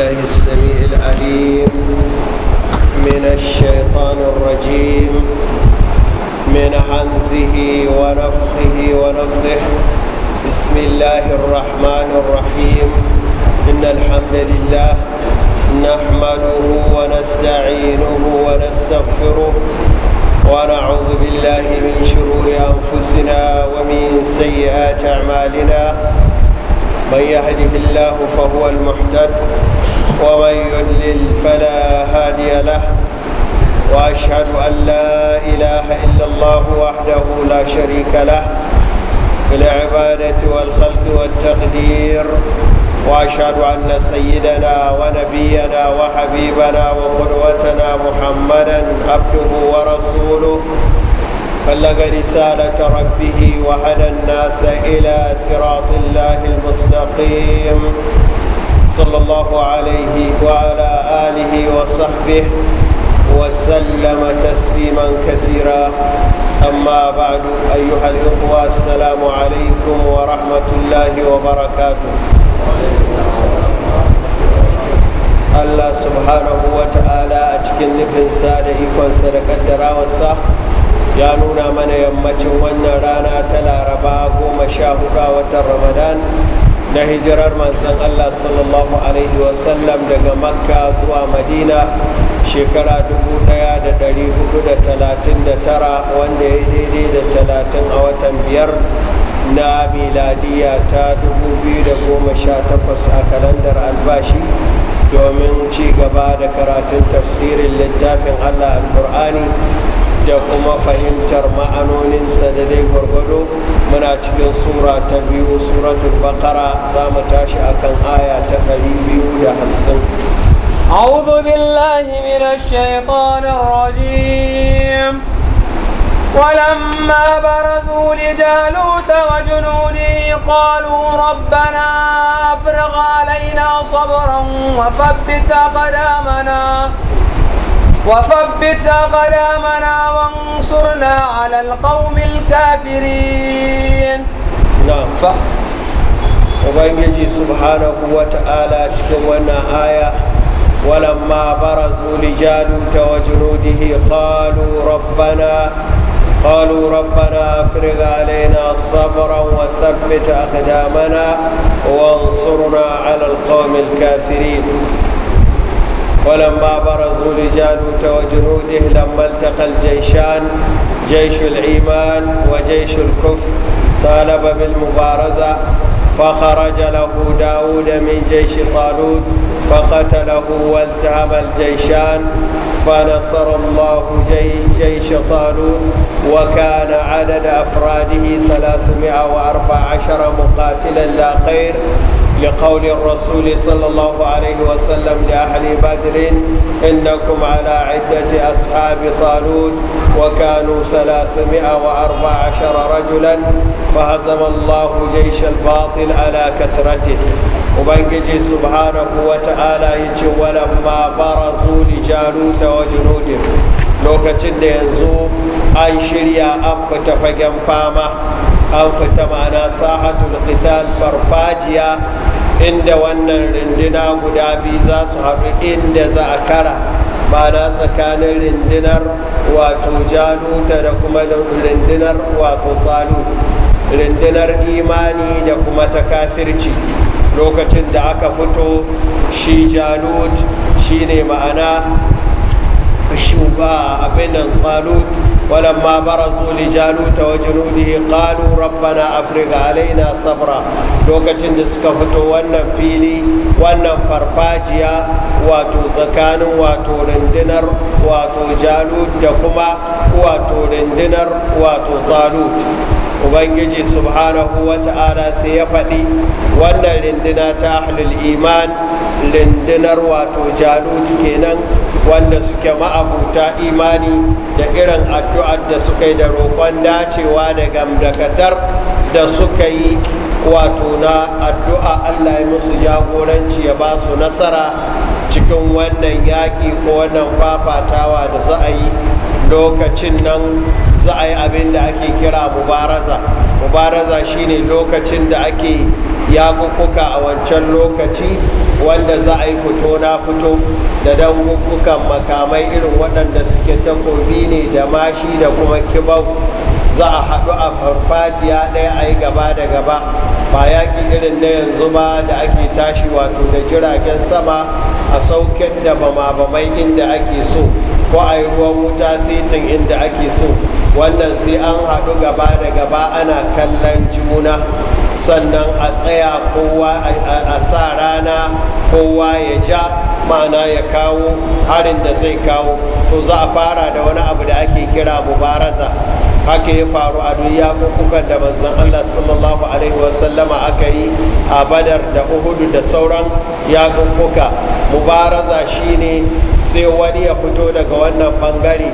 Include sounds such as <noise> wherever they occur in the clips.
بالله السميع العليم من الشيطان الرجيم من حمزه ونفخه ونفخه بسم الله الرحمن الرحيم إن الحمد لله نحمده ونستعينه ونستغفره ونعوذ بالله من شرور أنفسنا ومن سيئات أعمالنا من يهده الله فهو المحتد ومن يدلل فلا هادي له واشهد ان لا اله الا الله وحده لا شريك له في العباده والخلق والتقدير واشهد ان سيدنا ونبينا وحبيبنا وقدوتنا محمدا عبده ورسوله بلغ رسالة ربه وهدى الناس إلى صراط الله المستقيم صلى الله عليه وعلى آله وصحبه وسلم تسليما كثيرا أما بعد أيها الإخوة السلام عليكم ورحمة الله وبركاته Allah subhanahu wa a cikin nufinsa da ikonsa da ya nuna mana yammacin wannan rana ta laraba goma sha hudu watan ramadan na hijirar manzan allah sallallahu alaihi wasallam daga makka zuwa madina shekara 1439 wanda ya yi daidai da talatin a watan biyar na miladiya ta 2018 a kalandar albashi domin ci gaba da karatun tafsirin littafin allah alkur'ani da kuma fahimtar ma'anoninsa da dai gwargwado muna cikin sura ta biyu suratul bakara za mu tashi akan aya ta ɗari biyu da hamsin أعوذ بالله من الشيطان الرجيم ولما برزوا لجالوت وجنوده قالوا ربنا أفرغ علينا صبرا وثبت أقدامنا وثبت أقدامنا وانصرنا على القوم الكافرين نعم ف... Ubangiji subhanahu wa ta’ala cikin wannan aya, walamma bara zuli jaluta wa junudihi qalu rabbana qalu rabbana firga alaina sabran wa thabbita aqdamana wa ansuruna ala kafirin. ولما برزوا لجالوت وجنوده لما التقى الجيشان جيش الإيمان وجيش الكفر طالب بالمبارزة فخرج له داود من جيش طالوت فقتله والتهم الجيشان فنصر الله جيش طالوت وكان عدد أفراده ثلاثمائة وأربع عشر مقاتلا لا قير لقول الرسول صلى الله عليه وسلم لأهل بدر إنكم على عدة أصحاب طالوت وكانوا ثلاثمائة وأربع عشر رجلا فهزم الله جيش الباطل على كثرته وبنجي سبحانه وتعالى يجي ولما برزوا لجالوت وجنوده لوكتن ينزو أي شريا أب فجم فامه an fita ma'ana sahatul qital farfajiya inda wannan rindina guda biyu za su haɗu inda za a kara ma'ana tsakanin rindinar wato jaluta da kuma rindinar wato talu rindinar imani da kuma ta kafirci lokacin da aka fito shi jalut shi ne ma'ana shuba abinan talut ولما برزوا لجالوت وجنوده قالوا ربنا أفرغ علينا صبرا لوكتن دسكفتو وانا فيلي وانا فرفاجيا واتو زكان واتو رندنر واتو جالوت دكما واتو رندنر واتو طالوت ubangiji subhanahu wa ta'ala sai ya faɗi wannan rindina ta ahlul iman rindinar wato jalut kenan wanda suke ma'abuta imani da irin addu'ar da suka yi da roƙon dacewa da gamdakatar da suka yi wato na addu'a allah ya musu jagoranci ya ba su nasara cikin wannan yaƙi ko wannan fafatawa da za a yi lokacin nan za a yi abin da ake kira mubaraza mubaraza shine lokacin da ake yakukuka a wancan lokaci wanda za a yi fito na fito da dangukukan makamai irin waɗanda suke takobi ne da mashi da kuma kibau za a haɗu a farfajiya ɗaya a yi gaba da gaba ba yaƙi irin na yanzu ba da ake tashi wato da jiragen sama a sauƙin da bama bamai inda ake so ko a yi ruwan wuta setin inda ake so wannan sai an haɗu gaba da gaba ana kallon juna sannan a tsaya kowa a sa rana kowa ya ja ma'ana ya kawo harin da zai kawo to za a fara da wani abu da ake kira mubarasa haka ya faru a duniya yakukukan da manzan Allah sallallahu alaihi wasallama aka yi a badar da uhudu da sauran kukuka mubaraza shine sai wani ya fito daga wannan bangare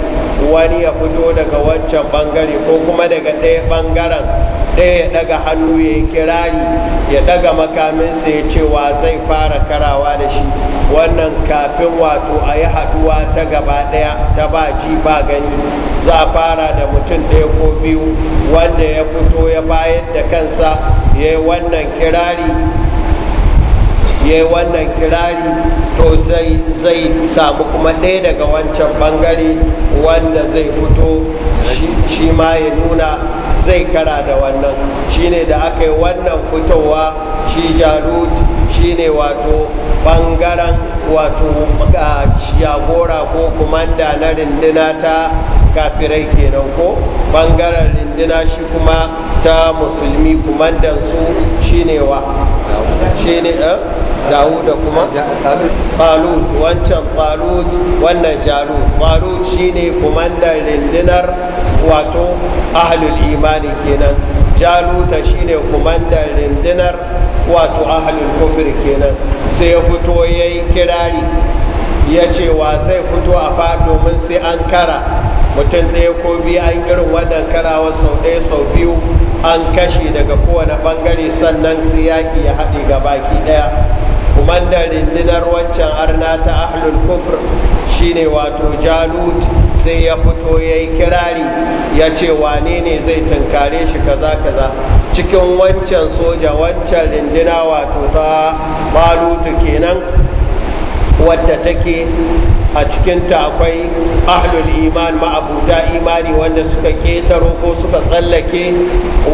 wani ya fito daga wancan bangare ko kuma daga ɗaya bangaren ɗaya ya daga hannu ya yi kirari ya daga makaminsa ya ce wa zai fara karawa da shi wannan kafin wato a yi haduwa ta gaba ɗaya ta ba ji ba gani za a fara da mutum ɗaya ko biyu wanda ya fito ya bayar da kansa ya yi wannan kirari ya yi wannan kirari to zai samu kuma ɗaya daga wancan bangare wanda zai fito shi ma ya nuna zai kara da wannan shine da aka yi wannan fitowa shi jarud shine wato bangaren wato shagora ko kumanda na rindina ta kafirai kenan ko bangaren rindina shi kuma ta musulmi kumandansu shine wa shine ɗan. Eh? dawuda kuma palut wancan palut wannan jalu palut shine kumandan rindinar wato ahlul imani kenan jaluta shine kumandan rindinar wato ahlul kufri kenan sai ya fito ya yi kirari ya ce wa zai fito a fa domin sai an kara mutum ɗaya ko biyu an irin wannan karawar sau ɗaya sau biyu an kashe daga kowane bangare sannan sai yaƙi ya haɗe ga baki ɗaya komandan rindinar wancan arna ta ahlul kufr shine wato jalut sai ya fito ya yi kirari ya ce wane ne zai tunkare shi kaza kaza cikin wancan soja wancan rindina wato ta balutu kenan wadda take a cikinta akwai ahlul iman ma'abuta imani wanda suka ketaro ko suka tsallake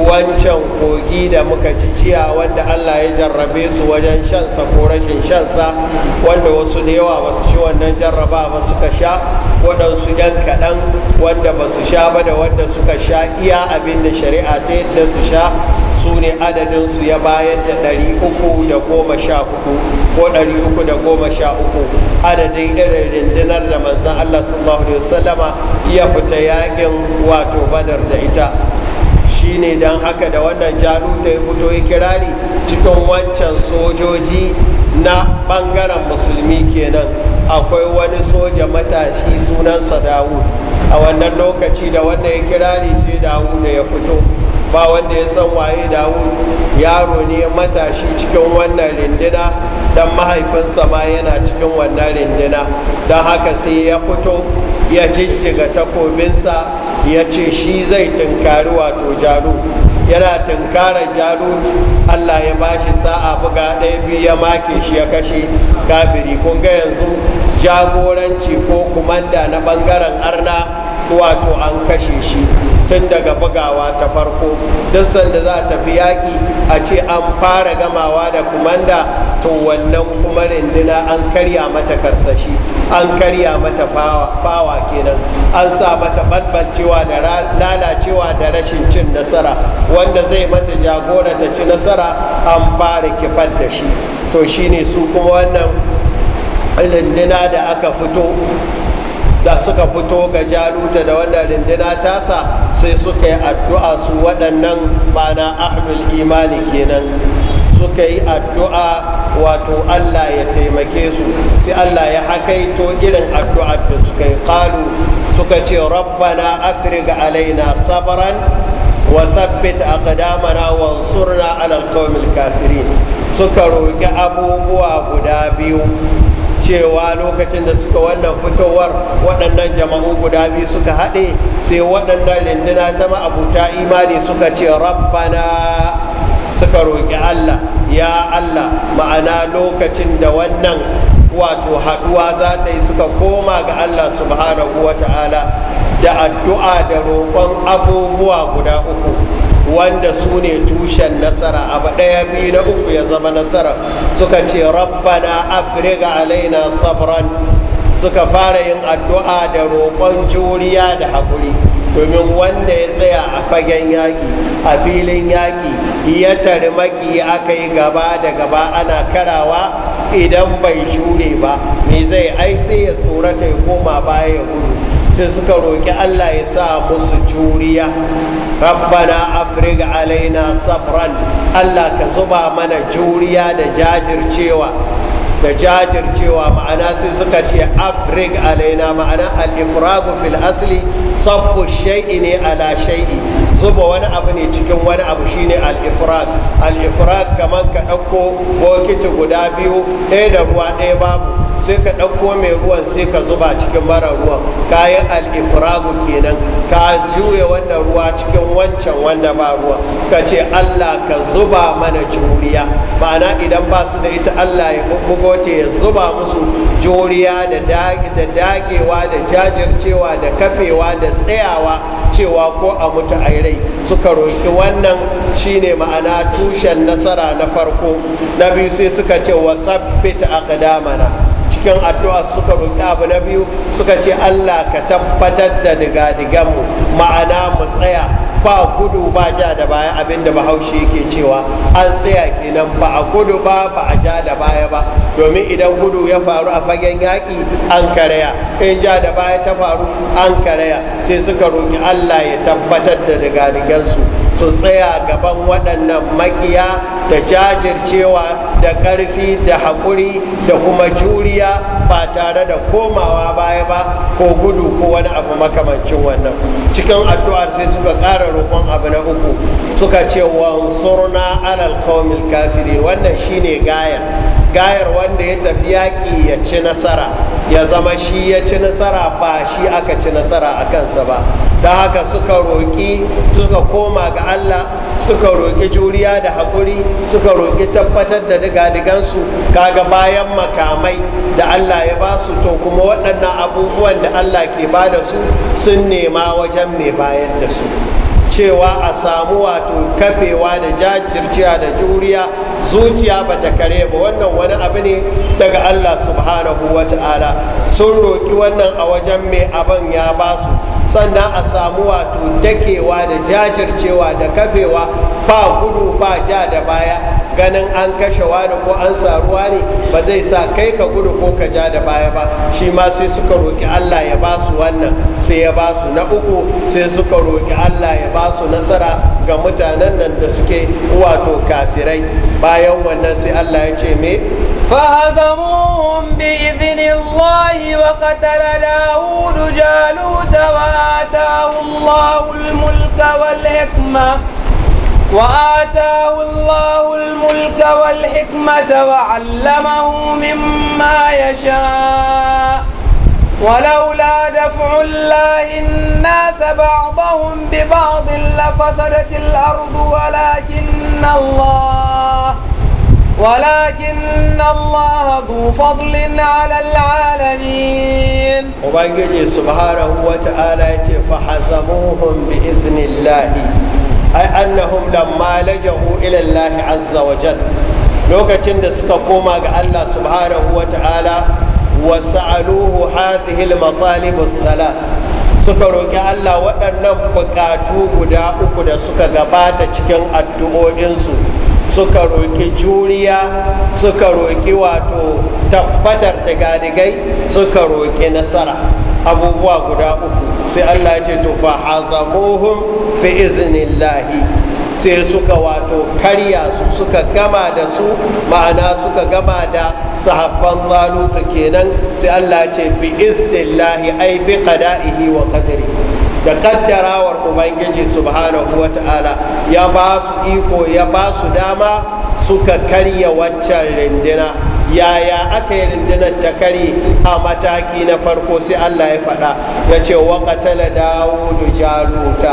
wancan kogi da muka ji ciya. wanda allah ya jarrabe su wajen shansa ko rashin shansa wanda wasu da yawa ba su shi wannan jarraba ba suka sha waɗansu yan kaɗan wanda ba su sha ba da wanda suka sha iya abin da shari'a ta yadda su sha su ne adadinsu ya bayar da 314 ko 313 adadin irin rindinar da manzan Allah sallallahu Alaihi wasallama ya fita yakin wato badar da ita shi ne don haka da wannan jaruta ya fito ya kirari cikin wancan sojoji na bangaren musulmi kenan akwai wani soja matashi sunansa dawud a wannan lokaci da wannan ya kirari sai dawud ya fito ba wanda ya san waye dawud yaro ne matashi cikin wannan rindina dan mahaifinsa ma yana cikin wannan rindina don haka sai ya fito ya jijjiga takobinsa ya ce shi zai tunkari wato jaru yana tunkarar jarut allah ya bashi sa'a buga ɗaya biyu ya make shi ya kashe kabiri kun ga yanzu jagoranci ko kumanda na ɓangaren arna wato an kashe shi tun daga bugawa ta farko duk sanda za a tafi yaƙi a ce an fara gamawa da kumanda to wannan kuma rindina an karya mata karsashi an karya mata fawa kenan an sa mata banbancewa da lalacewa da rashin cin nasara wanda zai mata jagora ta ci nasara an fara kifar da shi to shi ne su kuma wannan rindina da aka fito da suka fito ga jaluta da wannan rindina tasa sai suka yi addu'a su waɗannan bana ahlul imani kenan suka yi addu'a wato allah ya taimake su sai allah ya hakaito irin addu'a da suka yi ƙalu suka ce rabbana afirga alaina sabaran wasabbit sabbit aqdamana wansurna ala alqawmil kafirin suka roƙi abubuwa guda biyu cewa lokacin da suka wannan fitowar waɗannan jama'u guda biyu suka haɗe sai waɗannan rinduna ta ma'abuta imani suka ce rabbana suka roƙi allah ya allah ma'ana lokacin da wannan wato haɗuwa za ta yi suka koma ga allah subhanahu wa ta'ala da addu'a da roƙon abubuwa guda uku wanda su ne tushen nasara abu ɗaya biyu na uku ya zama nasara suka ce rabbana afirga alaina sabran suka fara yin addu'a da roƙon juriya da haƙuri domin wanda ya tsaya a fagen yaƙi a filin yaƙi ya tari maki aka yi gaba da gaba ana karawa idan bai jure ba me zai ai sai ya tsorata ya koma baya ya gudu sai suka roƙi Allah ya sa musu juriya rabbana afrig alaina safran. Allah ka zuba mana juriya da jajircewa da jajircewa ma'ana sai suka ce afrig alaina ma'ana al-ifragu fil asli sabbu shay'i ne ala shay'i zuba wani abu ne cikin wani abu shine al-ifrag al-ifrag kaman ka ɗauko bokiti guda biyu ɗaya da ruwa ɗaya babu sai ka ɗauko mai ruwan sai ka zuba cikin mara ruwan kayan al'ifragu kenan ka juya wannan ruwa cikin wancan wanda ba ruwa ka ce allah ka zuba mana juriya ma'ana idan ba su da ita allah ya bugo ta ya zuba musu juriya da dagewa da jajircewa da kafewa da tsayawa cewa ko a mutu a rai suka roƙi wannan shine ma'ana tushen nasara na farko na biyu sai suka ce wa sabbita a cikin addu'a suka roƙi abu na biyu suka ce allah ka tabbatar da diga-diganmu ma'ana mu tsaya ba gudu ba ja da baya abinda bahaushe yake cewa an tsaya kenan ba a gudu ba ba a ja da baya ba domin idan gudu ya faru a fagen yaƙi an karaya in ja da baya ta faru an karaya sai suka roƙi allah ya tabbatar da diga-digansu su tsaya gaban waɗannan makiya da jajircewa da ƙarfi da haƙuri da kuma juriya ba tare da komawa baya ba ko gudu ko wani abu makamancin wannan cikin addu'ar sai suka ƙara roƙon abu na uku suka ce wansurna alal qawmil kafirin wannan shine gaya gayar wanda ya tafi yaƙi ya ci nasara ya zama shi ya ci nasara ba shi aka ci nasara a kansa ba don haka suka roƙi suka koma ga allah suka roƙi juriya da haƙuri suka roƙi tabbatar da diga digadigansu kaga bayan makamai da allah ya ba su to kuma waɗannan abubuwan da allah ke ba da su sun nema wajen mai bayan da su cewa a samu wato kafewa da jajircewa da juriya zuciya ba ta kare ba wannan wani abu ne daga allah subhanahu wa ta'ala sun roƙi wannan a wajen mai abin ya basu sannan a samu wato takewa da jajircewa da kafewa ba gudu ba ja da baya ganin an kashe wani ko an saruwa ne ba zai sa kai ka gudu ko ka ja da baya ba shi ma sai suka roƙi allah ya ba su wannan sai ya ba su na uku sai suka roƙi allah ya ba su nasara ga mutanen nan da suke wato kafirai bayan wannan sai allah ya ce me فهزموهم بإذن الله وقتل داود جالوت وآتاه الله الملك والحكمة وآتاه الله الملك والحكمة وعلمه مما يشاء ولولا دفع الله الناس بعضهم ببعض لفسدت الأرض ولكن الله walakin Allah zu fadlin alal alamin ubangiji subhanahu wa ta'ala yace fa hazamuhum bi iznillah ay annahum lamma lajahu ila Allah azza lokacin da suka koma ga Allah subhanahu wa ta'ala وسألوه هذه المطالب الثلاث suka roƙi Allah waɗannan buƙatu guda uku da suka gabata cikin addu'o'insu suka roƙi juriya suka roƙi wato tabbatar da gadigai suka roƙi nasara abubuwa guda uku sai allah ce to fa fi iznillahi sai suka wato karya su suka gama da su ma'ana suka gama da sahabban zalutu kenan sai allah ce bi iznillahi ai bi qada'ihi wa qadarihi da kaddarawar ubangiji subhanahu wa ta'ala ya ba su iko ya ba su dama suka karya waccan rindina yaya aka yi ta kare a mataki na farko sai allah ya faɗa ya ce waƙatala dawudu jaluta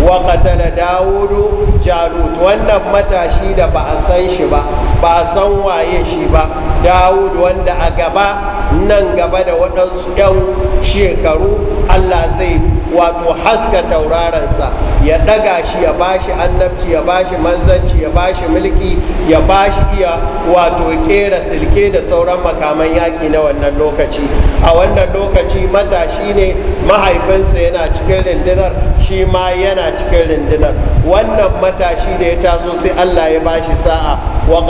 waƙatala dawudu jalut wannan matashi da ba a san shi ba ba a san waye shi ba dawudu wanda a gaba nan gaba da waɗansu 'yan shekaru allah zai wato haska taurarensa ya daga shi ya bashi annabci ya bashi manzanci ya bashi mulki ya bashi iya wato kera silke da sauran makaman yaƙi na wannan lokaci a wannan lokaci matashi ne mahaifinsa yana cikin rindinar shi ma yana cikin rindinar wannan matashi da ya taso sai allah ya bashi sa'a wa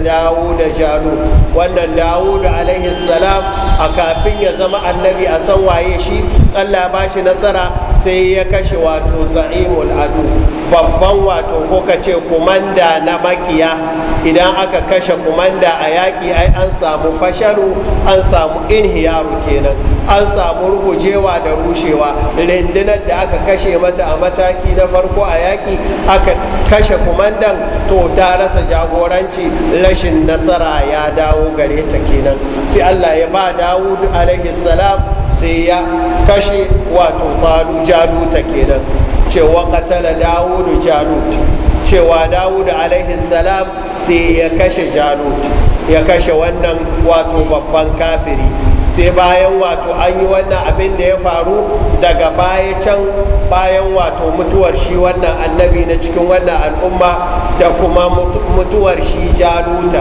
dawo da jalo wannan da alaihi salam a kafin ya zama annabi a san waye shi allah ya bashi nasara sai ya kashe wato za'ihul adu babban wato ko ka ce kumanda na makiya idan aka kashe kumanda a yaƙi ai an samu fasharu an samu inhiyaru kenan an samu rugujewa da rushewa rindinar da aka kashe mata a mataki na farko a yaƙi aka kashe kumandan to ta rasa jagoranci rashin nasara ya dawo gare ta kenan sai allah ya ba dawud alaihi salam sai ya kashe wato talu jaluta kenan cewa katala dawudu jalut cewa dawudu alaihi salam sai ya kashe jalut ya kashe wannan wato babban kafiri sai bayan wato an yi wannan abin da ya faru daga baya can bayan wato mutuwar shi wannan annabi na cikin wannan al'umma da kuma mutuwar shi jaluta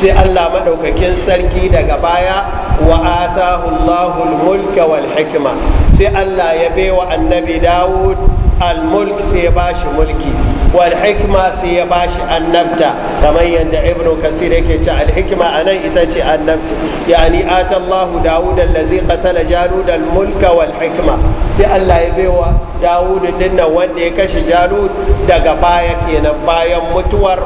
sai allah maɗaukakin sarki daga baya wa atahu allahul wal hikima sai allah ya baiwa annabi dawud al mulk sai ya bashi mulki wal sai ya bashi annabta kamar yadda ibnu kasir yake ce Alhikma a anan ita ce annabta yani atallahu dawud allazi qatala jalud al mulka sai Allah ya baiwa dawud dinnan wanda ya kashe jalud daga baya kenan bayan mutuwar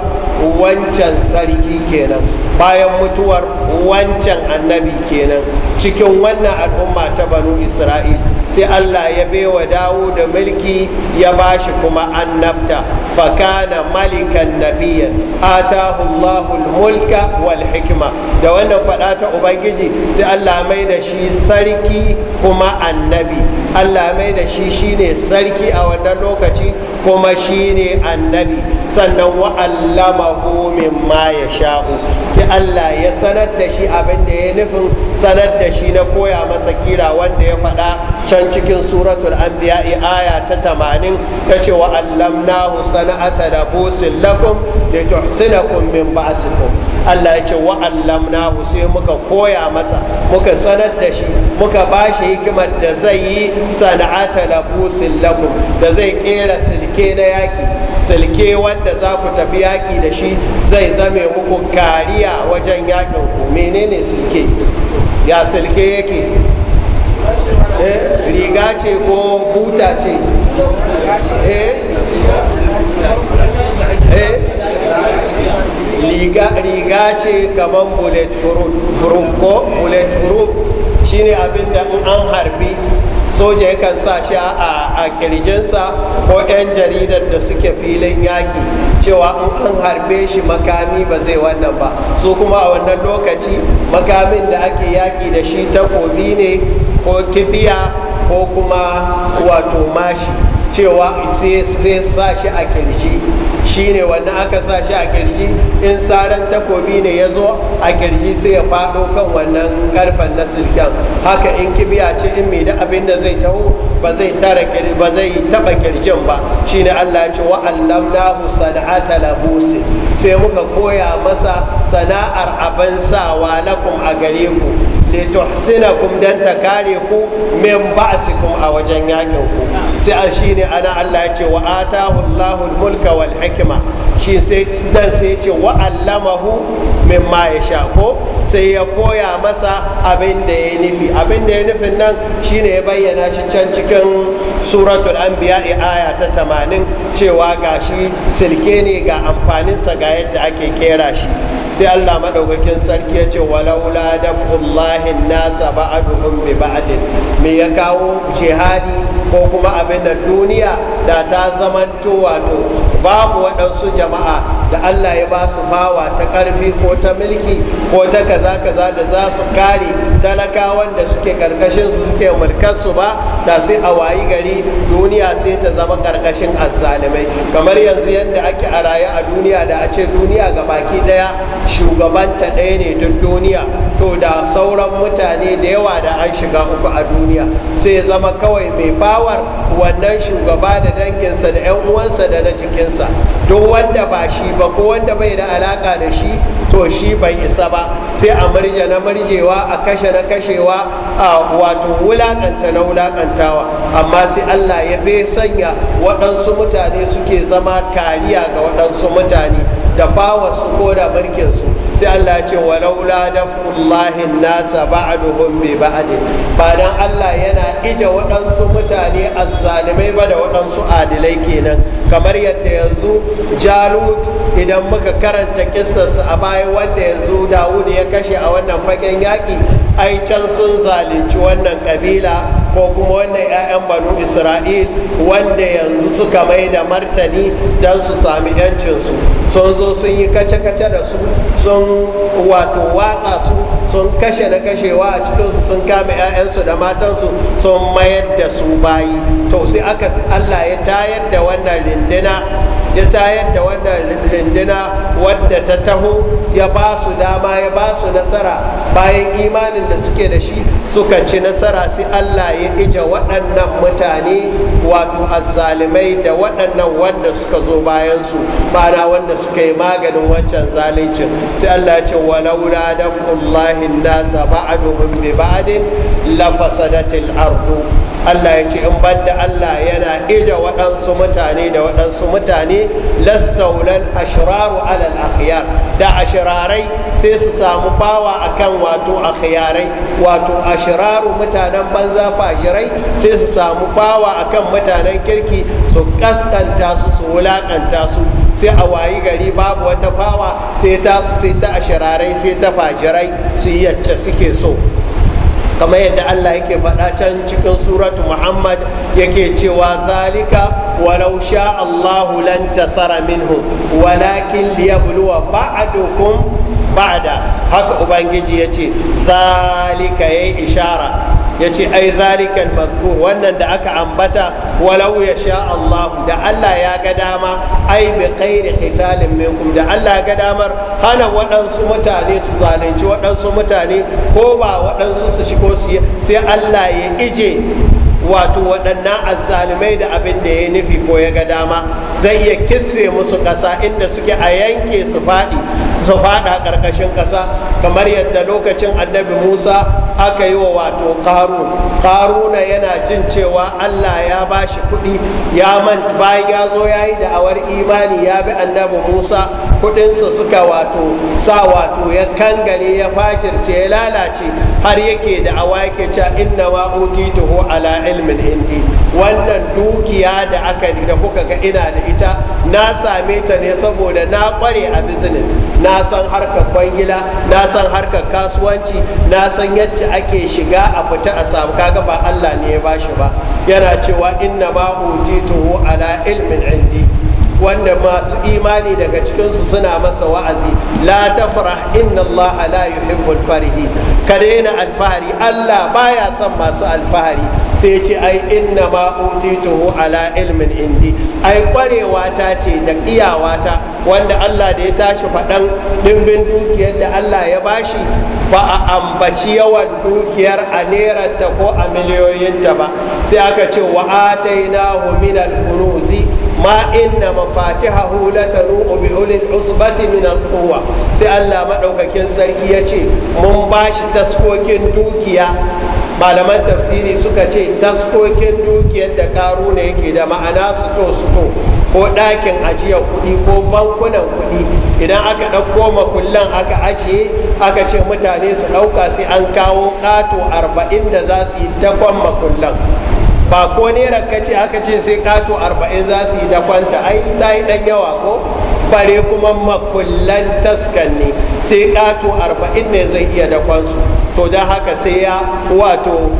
wancan sarki kenan bayan mutuwar wancan annabi kenan cikin wannan al'umma ta banu isra'il sai Allah ya baiwa dawo da mulki ya bashi kuma annabta fakana malikan nabiyan atahullahul mulka wal hikima. da wannan faɗa ta ubangiji sai Allah mai da shi sarki kuma annabi Allah mai da shi shine sarki a wannan lokaci kuma shine annabi sannan wa'allamahu mimma ya sha'u sai Allah ya sanar da shi abin da ya nufin sanar da shi na koya masa kira wanda ya faɗa can cikin suratul anbiya aya ta tamanin ya ce wa'allamnahu sana'ata da busin lakum da tuhsinakum min ba'sikum Allah ya ce wa'allamnahu sai muka koya masa muka sanar da shi muka shi hikimar da zai yi sana'ata da busin lakum da zai kera silki silke na yaƙi silke wanda za ku tafi yaƙi da shi zai zame muku kariya wajen yaƙin ku menene silke ya silke yake eh, riga ce ko buta ce eh, eh, riga ce gaban bullet furu ko bullet furu shine abinda da an harbi soja yakan sa shi a kirjinsa ko 'yan jaridar da suke filin yaƙi cewa in an harbe shi makami ba zai wannan ba su kuma a wannan lokaci makamin da ake yaƙi da shi ta takobi ne ko kibiya ko kuma wato mashi cewa sai sa shi a kirji Shi ne wannan aka sa shi a kirji in saran takobi ne ya zo a kirji sai ya faɗo kan wannan karfen na silken haka in kibiya ce in mai da abin da zai taho ba zai taɓa kirjin ba Shi ne allah ya ce wa allamnahu sana'ata labusi sai muka koya masa sana'ar abin sawa lakum a gare ku kum dan ta kare ku min ba'sikum a wajen yakin ku sai shine ana Allah ya ce wa atahu Allahul mulka wal hikma shi sai dan sai ya ce wa allamahu mimma sha ko sai ya koya masa abin da ya nufi abin da ya nufin nan shine ya bayyana shi can cikin suratul anbiya aya ta 80 cewa gashi silke ne ga amfaninsa ga yadda ake kera shi sai Allah madaukakin sarki ya ce walaula fulahin nasa duhun bi me ya kawo jihadi ko kuma abin da duniya da ta zamanto wato babu waɗansu jama'a da Allah ya ba su bawa ta ƙarfi ko ta mulki ko ta kaza kaza da za su kare talakawan da suke ƙarƙashin su suke mulkarsu ba da sai a wayi gari duniya sai ta zama karkashin azzalimai kamar yanzu yadda ake a raye a duniya da a ce duniya ga baki daya shugabanta ɗaya ne duk duniya to da sauran mutane da yawa da an shiga uku a duniya sai zama kawai mai bawar wannan shugaba da danginsa da 'yan uwansa da na jikinsa duk wanda ba shi ba ko wanda bai da alaka da shi to shi bai isa ba sai a murje na murjewa a kashe na kashewa a wato wulakanta na wulakanta haramtawa amma sai allah ya bai sanya waɗansu mutane suke zama kariya ga waɗansu mutane da su ko da barkinsu sai allah ce walaula fulahin nasa ba'aduhun bai ba'd ba dan allah yana ije waɗansu mutane azzalimai ba da waɗansu adilai kenan kamar yadda yanzu jalut idan muka karanta kissarsa a baya wanda yanzu Dawudu ya kashe a wannan fagen yaƙi ai can sun zalunci wannan kabila ko kuma wannan 'ya'yan banu isra'il wanda yanzu suka mai da martani don su sami 'yancinsu sun zo sun yi kace-kace da su sun wato watsa su sun kashe na kashewa a cikinsu sun kama 'ya'yansu da matansu sun mayar da su bayi to sai aka allah ya tayar da wannan rindina ya tayar da wannan rindina wadda ta taho ya ba su dama ya ba su nasara bayan imanin tsarin da suke da shi suka ci nasara sai allah ya ije waɗannan mutane wato azzalimai da waɗannan wanda suka zo bayansu bana wanda suka yi maganin wancan zalincin sai allah ya ce walaula daf'ullahi nasa ba'aduhum bi ba'din lafasadatil ardu Allah ya ce in banda Allah yana ija waɗansu mutane da waɗansu mutane lassaunan ashiraru alal akhyar da ashirarai sai su samu bawa akan wato akhyar fajirai wato ashiraru mutanen banza fajirai sai su samu bawa akan mutanen kirki su kaskanta su su wulakanta su sai a wayi gari babu wata bawa sai ta su sai ta ashirarai sai ta fajirai su yi yacce suke so kamar yadda Allah yake faɗa can cikin suratu Muhammad yake cewa zalika walau sha Allahu lan tasara minhu walakin liyabluwa ba'dukum ba'da haka ubangiji ya ce zalika ya ishara ya ce ai zalikan mazkur wannan da aka ambata walau ya sha Allahu da Allah ya ga dama ai bi qairi qitalin minkum da Allah ya ga damar hana waɗansu mutane su zalunci waɗansu mutane ko ba waɗansu su shigo sai Allah ya ije wato waɗannan azzalumai da abin da ya nufi ko ya ga dama zai iya kisfe musu ƙasa inda suke a yanke su faɗi su fada ƙarƙashin ƙasa kamar yadda lokacin annabi musa aka yi wa wato karun karuna yana jin cewa allah ya ba shi kuɗi ya manta bayan ya zo ya yi da'awar imani ya bi annabi musa kuɗinsa suka wato sa wato ya kangare ya fakirce ya lalace har yake da'awa yake cewa inna ma utituhu ala ilmin indi wannan dukiya da aka da kuka ga ina da ita na same ta ne saboda na kware a business na na san harkar bangila na san harkar kasuwanci na san yacce ake shiga a fita a samu kaga ba allah ne ya bashi ba yana cewa inna ma utituhu ala ilmin indi wanda masu imani daga cikinsu suna masa wa'azi la tafrah inna Allah la yuhibbul farihi ka daina alfahari Allah baya son masu alfahari sai ce ai inna ma utituhu ala ilmin indi ai kwarewa ta ce da iyawata wanda Allah da ya tashi faɗan dimbin dukiyar da Allah ya bashi ba a ambaci yawan dukiyar a neranta ko a miliyoyinta ba sai aka ce wa atainahu minal kunuzi ma inna mafatihahu latanu bi ulil usbati min kowa sai Allah madaukakin sarki ya ce mun bashi taskokin dukiya malaman tafsiri suka ce taskokin dukiyar da karu ne yake da ma'ana su suto ko ɗakin ajiyar kuɗi ko bankunan kuɗi idan aka ɗauko makullan aka ajiye aka ce mutane su ɗauka sai an kawo ƙato arba'in da za su yi takwan makullan ba ko naira ka ce aka ce sai kato 40 za su yi da kwanta ai ta yi dan yawa ko bare kuma makullan taskan ne sai kato 40 ne zai iya da kwansu to don haka sai ya wato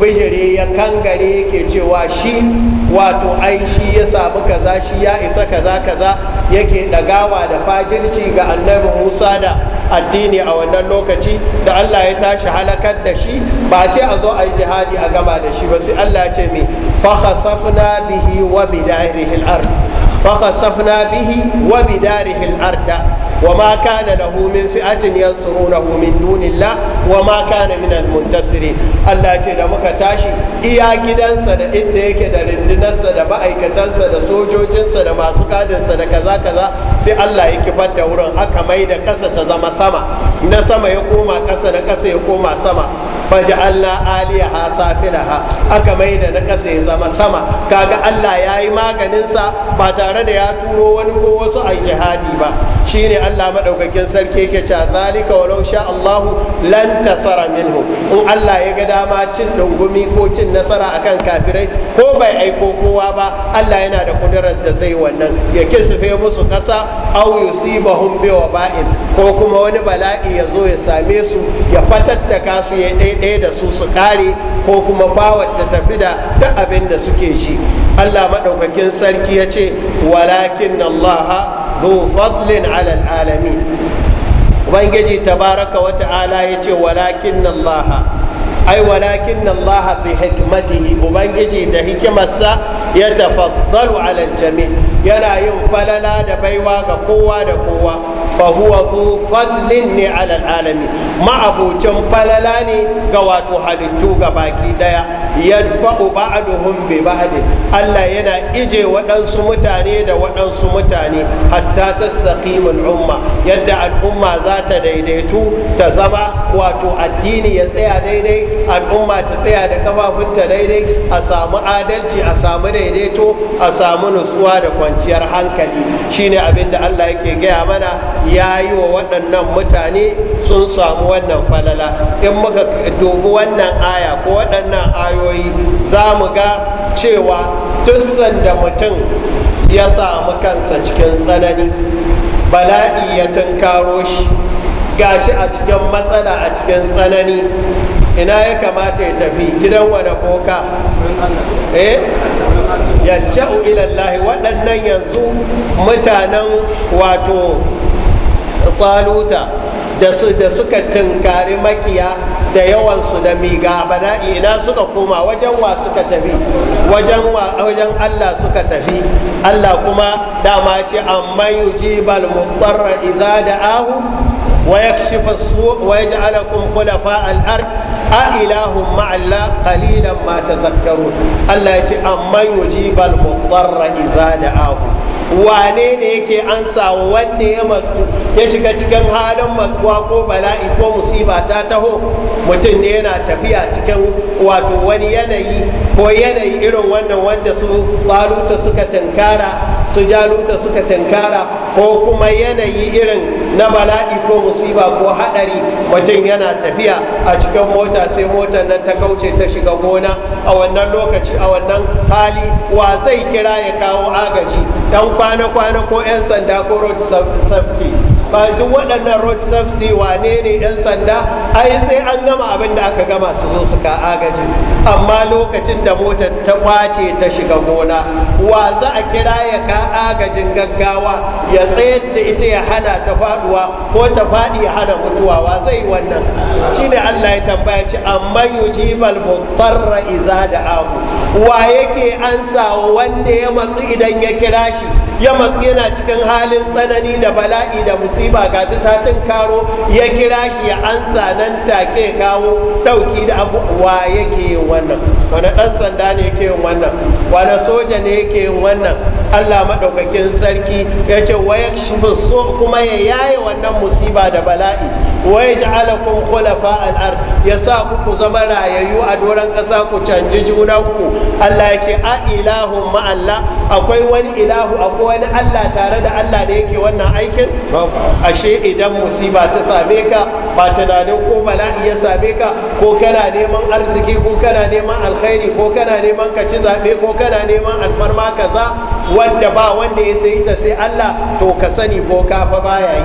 bijire ya kangare yake cewa shi wato ai shi ya samu kaza shi ya isa kaza kaza yake dagawa da fajirci ga annabi musa da addini a wannan lokaci da allah ya tashi halakar da shi ba ce a zo a yi jihadi a gaba da shi ba sai allah ce mai fa bihi wa bidahirihil ard فخسفنا به وبداره الأرض وما كان له من فئة ينصرونه من دون الله وما كان من المنتصرين الله ce da muka tashi iya gidansa da inda yake da rindinarsa da ma'aikatansa da sojojinsa da masu gadinsa da kaza kaza sai Allah ya kifar da wurin aka mai da kasa ta zama sama na sama ya koma kasa na kasa ya koma sama faj'alna aliyaha safilaha aka mai da na kasa ya zama sama kaga Allah ya yi maganinsa ba tare da ya turo wani ko wasu a jihadi ba Shi ne Allah maɗaukakin sarki ke ca zalika wa sha Allahu lan tasara minhu in Allah ya ga dama cin dungumi ko cin nasara akan kafirai ko bai aiko kowa ba Allah yana da kudurar da zai wannan ya kisufe musu ƙasa aw yusibahum bi ba'in. ko kuma wani bala'i ya zo ya same su ya fatattaka su ya ɗaiɗaya da su su ƙare ko kuma bawar ta tafi da duk abin da suke shi Allah maɗaukakin sarki ya ce walakin Allah zu fadlin ala alamin ubangiji tabaraka wa ta'ala ya ce walakin Allah ai walakin Allah bi hikmatihi ubangiji da hikimarsa ya tafaddalu ala jami yana yin falala da baiwa ga kowa da kowa fahuwa zu fadlin ne alal alami ma'abocin falala ne ga wato halittu ga baki daya yadfa'u ba'duhum ba a Allah yana ije waɗansu mutane da waɗansu mutane hatta saƙimin umma yadda al'umma za ta daidaitu ta zama wato addini ya tsaya daidai al'umma ta tsaya da kafafunta daidai a samu adalci a samu daidaito a samu nutsuwa da kwanciyar hankali shine abin da Allah yake gaya mana ya yi wa waɗannan mutane sun samu wannan falala in muka dubi wannan aya ko waɗannan ayoyi za mu ga cewa duk sanda mutum ya samu kansa cikin tsanani bala'i ya tunkaro shi gashi a cikin matsala a cikin tsanani ina ya kamata ya tafi gidan wani boka eh ilallahi waɗannan yanzu mutanen wato faluta da suka tunkari makiya da yawansu da miga bana'i ina suka koma wajen wa suka tafi wajen wajen Allah suka tafi Allah kuma dama ce amma yujibal muqarra idza da'ahu wa yakshifa su wa yaj'alakum khulafa al-ard a ilahum ma'alla qalilan ma tadhakkarun Allah ya ce amman yujibal muqarra idza da'ahu wane ne yake ansa wanne ya masu ya shiga cikin halin matsuwa ko bala'i ko musiba ta taho mutum ne yana tafiya cikin wato wani yanayi ko yanayi irin wannan wanda su laluta suka tankara su jaluta suka tankara ko kuma yanayi irin na bala'i ko musiba ko haɗari mutum yana tafiya a cikin mota sai motar nan ta kauce ta shiga gona a wannan lokaci a wannan hali wa zai kira ya kawo agaji dan kwana-kwana ko 'yan sanda ko road safety ba duk waɗannan road safety wane ne ɗan sanda ai sai an gama abin da aka gama su zo su ka agajin amma lokacin da motar ta kwace ta shiga gona wa za a kira ya ka agajin gaggawa ya tsayar da ita ya hana ta faɗuwa ko ta faɗi ya hana mutuwa wa zai wannan ne Allah ya tambaya ci amma yujibal mutarra iza da abu. wa yake ansa wanda ya matsu idan ya kira shi ya matsi yana cikin halin tsanani da bala'i da musiba ga ta karo ya kira shi ya ansa nan take kawo dauki da abubuwa yake yin wannan wani dan sanda ne yake yin wannan wani soja ne yake yin wannan allah maɗaukakin sarki ya ce wa ya so kuma ya yaye wannan musiba da bala'i waya ji alakun kulafa al'ar ya sa kuku zama rayayyu a doron ƙasa ku canji junanku allah ya ce a ilahun ma'alla akwai wani ilahu a akwai wani allah tare da allah da yake wannan aikin ashe idan musiba ta same ka ba tunanin ko bala'i ya same ka ko kana neman arziki ko kana neman alkhairi ko kana neman kaci zaɓe ko kana neman alfarma kaza wanda ba wanda ya sayi ta sai allah to ka sani boka fa baya yi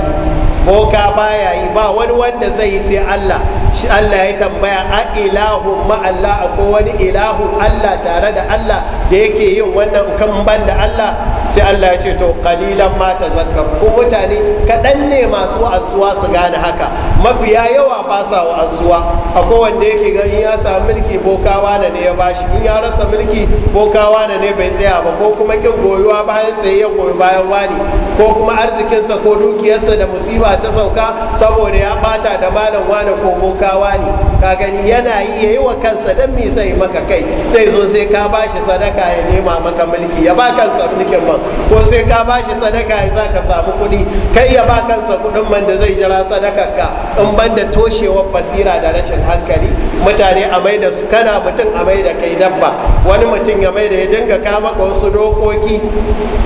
boka baya yi ba wani wanda zai yi sai allah shi Allah ya tambaya a ilahu ma'alla a wani ilahu Allah tare da Allah da yake yin wannan kan ban da Allah sai Allah ya ce to kalilan mata zakka ko mutane kaɗan ne masu wa'azuwa su gane haka mafiya yawa ba sa wa'azuwa a kowanne yake gani in ya samu mulki bokawa da ne ya bashi in ya rasa mulki bokawa da ne bai tsaya ba ko kuma kin goyuwa bayan sai ya goyi bayan wani ko kuma arzikinsa ko dukiyarsa da musiba ta sauka saboda ya bata da malam wani ko bokawa ne ka gani yana yi yayi wa kansa dan me sai maka kai zai zo sai ka bashi sadaka ya nema maka mulki ya baka kansa mulkin ko sai ka bashi sadaka ya sa ka samu kuɗi kai ya ba kansa kuɗin man da zai jira sadakar ka in ban da toshewar basira da rashin hankali mutane a mai da su kana mutum a mai da kai dabba wani mutum ya mai da ya dinga ka maka wasu dokoki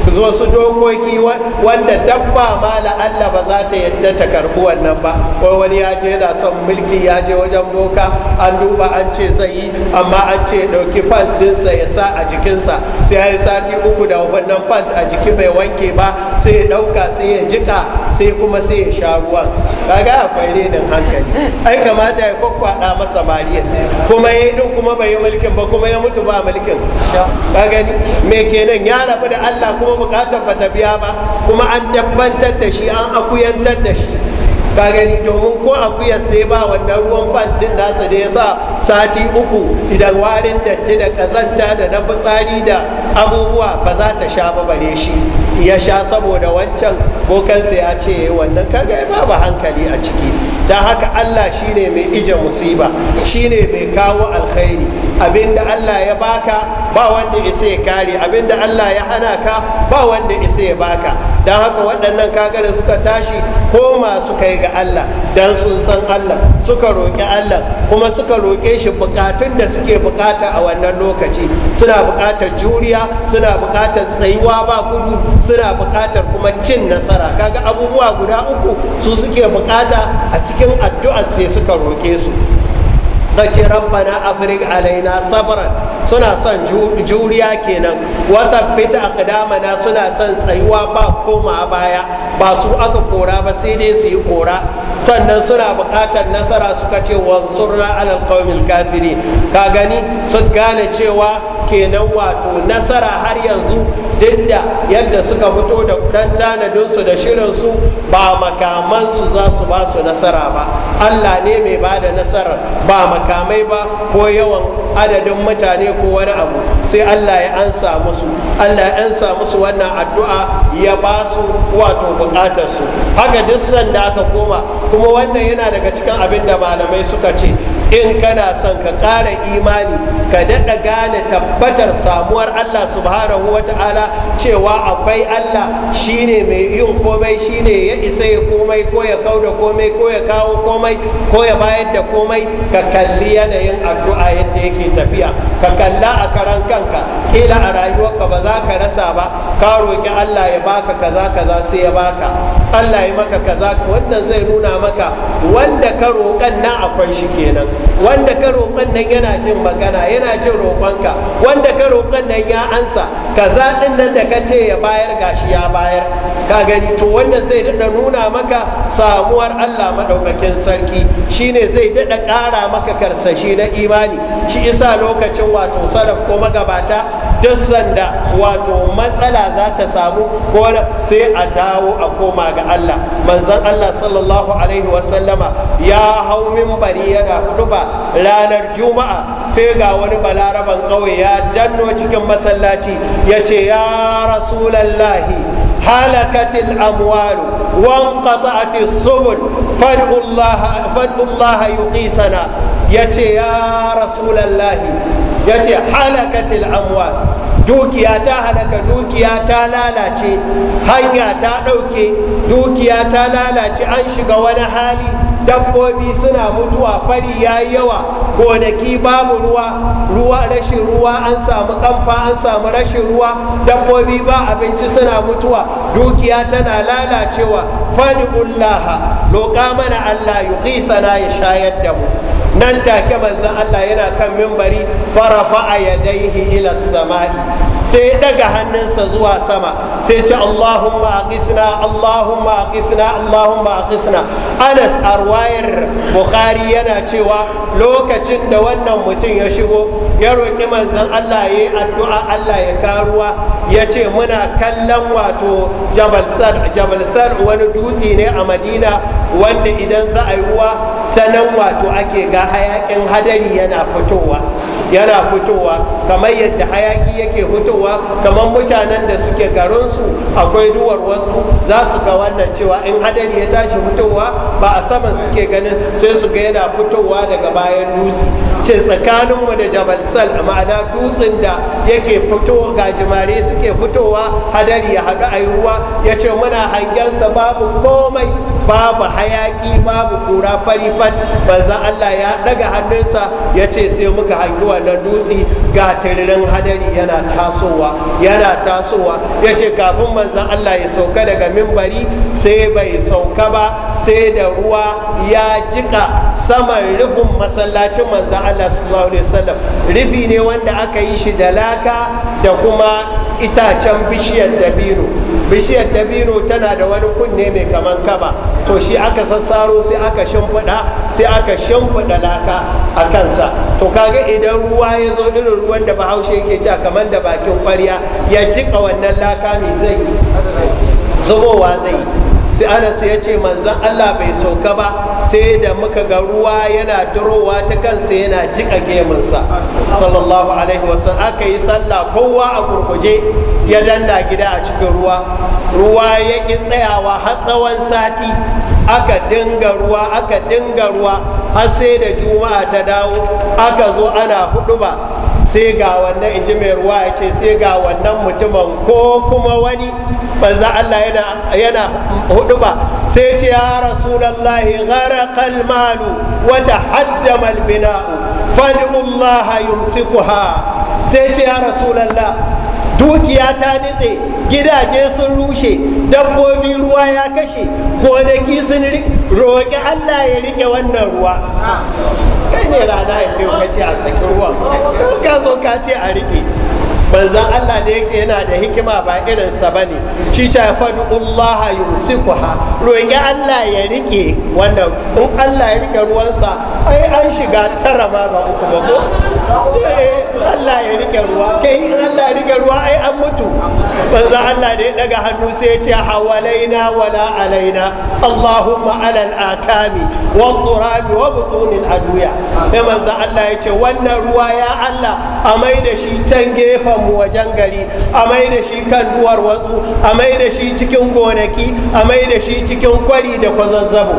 su dokoki wanda dabba ma la'alla ba za ta yadda ta karɓi wannan ba wani ya je yana son mulki ya je wajen boka an duba an ce zai yi amma an ce ɗauki fan ɗinsa ya sa a jikinsa sai ya yi sati uku da wannan fan a jiki bai wanke ba sai ya ɗauka sai ya jika sai kuma sai ya sha ruwan kaga akwai renin hankali ai kamata ya kwakwada masa mariya kuma ya yi kuma bai yi mulkin ba kuma ya mutu ba mulkin ka gani me kenan ya rabu da Allah kuma bukatar ba ta biya ba kuma an dabbantar da shi an akuyantar da shi ka domin ko akuya sai ba wannan ruwan fan din nasa da ya sa sati uku idan warin datti da kazanta da na fitsari da abubuwa ba za ta sha ba bare shi ya sha saboda wancan bokansa ya ce wannan kaga ba babu hankali a ciki don haka allah shine mai ije musiba shine mai kawo alkhairi abinda allah ya baka ba wanda isa ya kare abinda allah ya hana ka ba wanda isa ya baka don haka waɗannan kaga suka tashi koma suka yi ga Allah don sun san Allah suka roƙi Allah kuma suka roƙe shi buƙatun da suke buƙata a wannan lokaci suna buƙatar juriya suna buƙatar tsayuwa ba gudu suna buƙatar kuma cin nasara kaga abubuwa guda uku su suke buƙata a cikin addu'ar sai suka roƙe su da ce rabbana afrik alaina sabran suna son juriya kenan wasa fita Kadamana suna son tsayuwa ba koma baya ba su aka kora ba sai dai su yi kora sannan suna bukatar nasara suka ce wansurna alal qawmil kafiri ka gani sun gane cewa kenan wato nasara har yanzu duk da yadda suka fito da ɗan tanadinsu da shirinsu ba makamansu za su ba su nasara ba allah ne mai ba da nasarar ba makamai ba ko yawan adadin mutane ko wani abu sai allah ya ansa musu allah ya ansa musu wannan addu'a ya ba su wato bukatarsu haka duk sanda aka koma kuma wannan yana daga cikin abin da malamai suka ce in kana son ka kara imani ka daɗa gane tabbatar samuwar Allah subhanahu wa ta'ala cewa akwai Allah shine mai yin komai shine ya isa ya komai ko ya kau da komai ko ya kawo komai ko ya bayar da komai ka kalli yanayin addu'a yadda yake tafiya ka kalla a karan kanka ila a rayuwarka ba za ka rasa ba ka roƙi Allah ya baka kaza kaza sai ya baka Allah ya maka kaza wannan zai nuna maka wanda ka roƙan na akwai shi kenan wanda ka roƙon nan yana jin magana yana jin roƙonka wanda ka roƙon nan ya ansa kaza ɗin nan da ka ce ya bayar gashi ya bayar ka gani to wannan zai daɗa nuna maka samuwar allah maɗaukakin sarki shine zai daɗa ƙara maka karsashi na imani shi isa lokacin wato salaf ko magabata duk sanda wato matsala za ta samu ko sai a dawo a koma ga Allah manzon Allah sallallahu alaihi wasallama ya hau minbari yana ba. ranar juma'a sai ga wani balaraban ƙauye ya danno cikin masallaci ya ce ya rasulallahi هلكت الأموال وانقطعت السبل فادعوا الله فادعوا الله يقيثنا يا رسول الله يتي هلكت الأموال dukiya ta halaka dukiya ta lalace hanya ta ɗauke dukiya ta lalace an shiga wani hali dabbobi suna mutuwa fari ya yi yawa gonaki babu ruwa ruwa rashin ruwa an samu kamfa an samu rashin ruwa dabbobi ba abinci suna mutuwa dukiya tana lalacewa ullaha loka mana allah sana ya shayar da mu nan take manzan Allah yana kan mimbari farafa a yadaihi ila sama'i sai ya daga hannunsa zuwa sama sai ce Allahumma aqisna Allahumma aqisna Allahumma aqisna Anas arwayar Bukhari yana cewa lokacin da wannan mutum ya shigo ya roƙi manzon Allah yi addu'a Allah ya karuwa ya ce muna kallon wato Jabal Sad Jabal Sad wani dutse ne a Madina wanda idan za a yi ruwa ta nan wato ake ga hayakin hadari yana fitowa yana fitowa kamar yadda hayaki yake fitowa kamar mutanen da suke garinsu akwai duwar wasu za su ga wannan cewa in hadari ya tashi fitowa ba a saman suke ganin sai su ga yana fitowa daga bayan dutse ce tsakaninmu da jabal sal ma'ana dutsen da yake fito gajimare suke fitowa hadari ya haɗu a yi ruwa ya ce muna hangensa babu komai babu hayaki babu kura fari fat banza Allah ya daga hannunsa ya ce sai muka hangi wannan dutse ga tiririn hadari yana tasowa yana tasowa ya ce kafin manzan Allah ya sauka daga mimbari sai bai sauka ba sai da ruwa ya jika saman rufin masallacin manzan Allah sallallahu alaihi wasallam rufi ne wanda aka yi shi da laka da kuma itacen bishiyar dabino bishiyar dabino tana da wani kunne mai kaman kaba to shi aka sassaro sai aka shimfiɗa sai aka shimfiɗa laka a kansa to kaga idan ruwa ya zo irin ruwan da bahaushe yake cewa kamar da bakin kwarya ya jika wannan laka mai zai zubowa zai yi. sai anas ya ce manzan allah bai sauka ba sai da muka ga ruwa yana durowa ta kansa yana jika gemunsa sallallahu alaihi wasan aka yi sallah kowa a gurguje ya danda gida a cikin ruwa ruwa ya ki tsayawa har tsawon sati aka dinga ruwa aka dinga ruwa har sai da juma'a ta dawo aka zo ana hudu ba sai ga wannan inji mai ruwa ya ce sai ga wannan mutumin ko kuma wani banza Allah yana yana hudu ba sai ce ya rasulallahi gharaqal malu wa tahaddama al bina'u yumsikuha sai ce ya rasulallah dukiya ta nitse gidaje sun rushe dabbobi ruwa ya kashe gonaki sun roƙi allah ya riƙe wannan ruwa kai ne rana ya kace a saki ruwan ka zo ka ce a riƙe. manzan Allah da yake yana da hikima ba irinsa ba ne shi ce ya faɗi Allah ha roƙi Allah ya riƙe wanda in Allah ya riƙe ruwansa ai an shiga tara ma ba uku ba ko eh, Allah ya riƙe ruwa kai in Allah ya riƙe ruwa ai an mutu manzan Allah da ya ɗaga hannu sai ya ce hawalaina wala alaina Allahumma alal akami wa turabi wa butunin aduya sai manzan Allah ya ce wannan ruwa ya Allah a mai da shi can gefen mu wajen gari a mai da shi kan duwar watsu a mai da shi cikin gonaki a mai da shi cikin kwari da kwazazzabo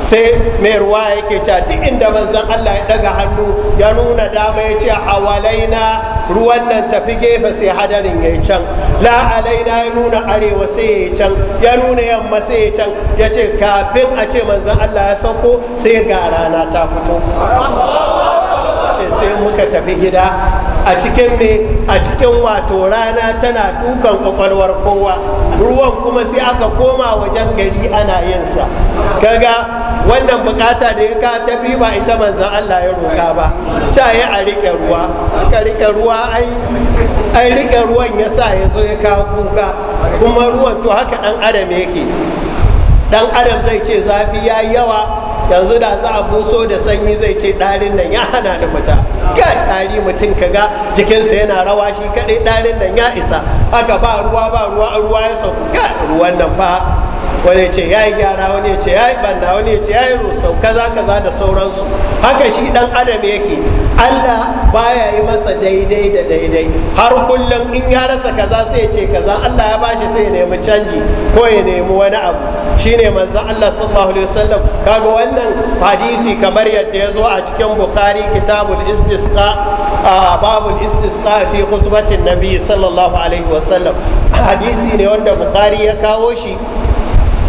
sai mai ruwa yake cewa duk inda manzan Allah ya daga hannu ya nuna dama ya ce hawalaina ruwan nan tafi gefe sai hadarin ya can la alaina ya nuna arewa sai ya can ya nuna yamma sai ya can ya ce kafin a ce manzan Allah ya sauko sai ga rana ta fito sai muka tafi gida a cikin me a cikin wato rana tana dukan kwakwalwar kowa ruwan kuma sai aka koma wajen gari ana yinsa kaga wannan bukata da ka tafi ba ita manzan Allah ya roka ba ca a rike ruwa aka rike ruwa ai ai rike ruwan ya sa ya zo ya kawo kuka kuma ruwan to haka dan adam yake dan adam zai ce zafi yayi yawa yanzu da za a buso da sanyi zai ce ɗarin nan ya hana da mata, ga ɗari mutum ka ga jikinsa yana rawa shi kaɗai ɗarin nan ya isa haka ba ruwa ba ruwa ruwa ya sauka ga ruwan nan fa wani ce ya yi gyara wani ce ya yi banna wani ce ya yi rusau kaza kaza da sauransu haka shi dan adam yake allah baya yi masa daidai da daidai har kullum in ya rasa kaza sai ce kaza allah ya bashi sai ya nemi canji ko ya nemi wani abu shine manzon allah sallallahu alaihi wasallam kaga wannan hadisi kamar yadda ya zo a cikin bukhari kitabul istisqa babul istisqa fi khutbatin nabi sallallahu alaihi wasallam hadisi ne wanda bukhari ya kawo shi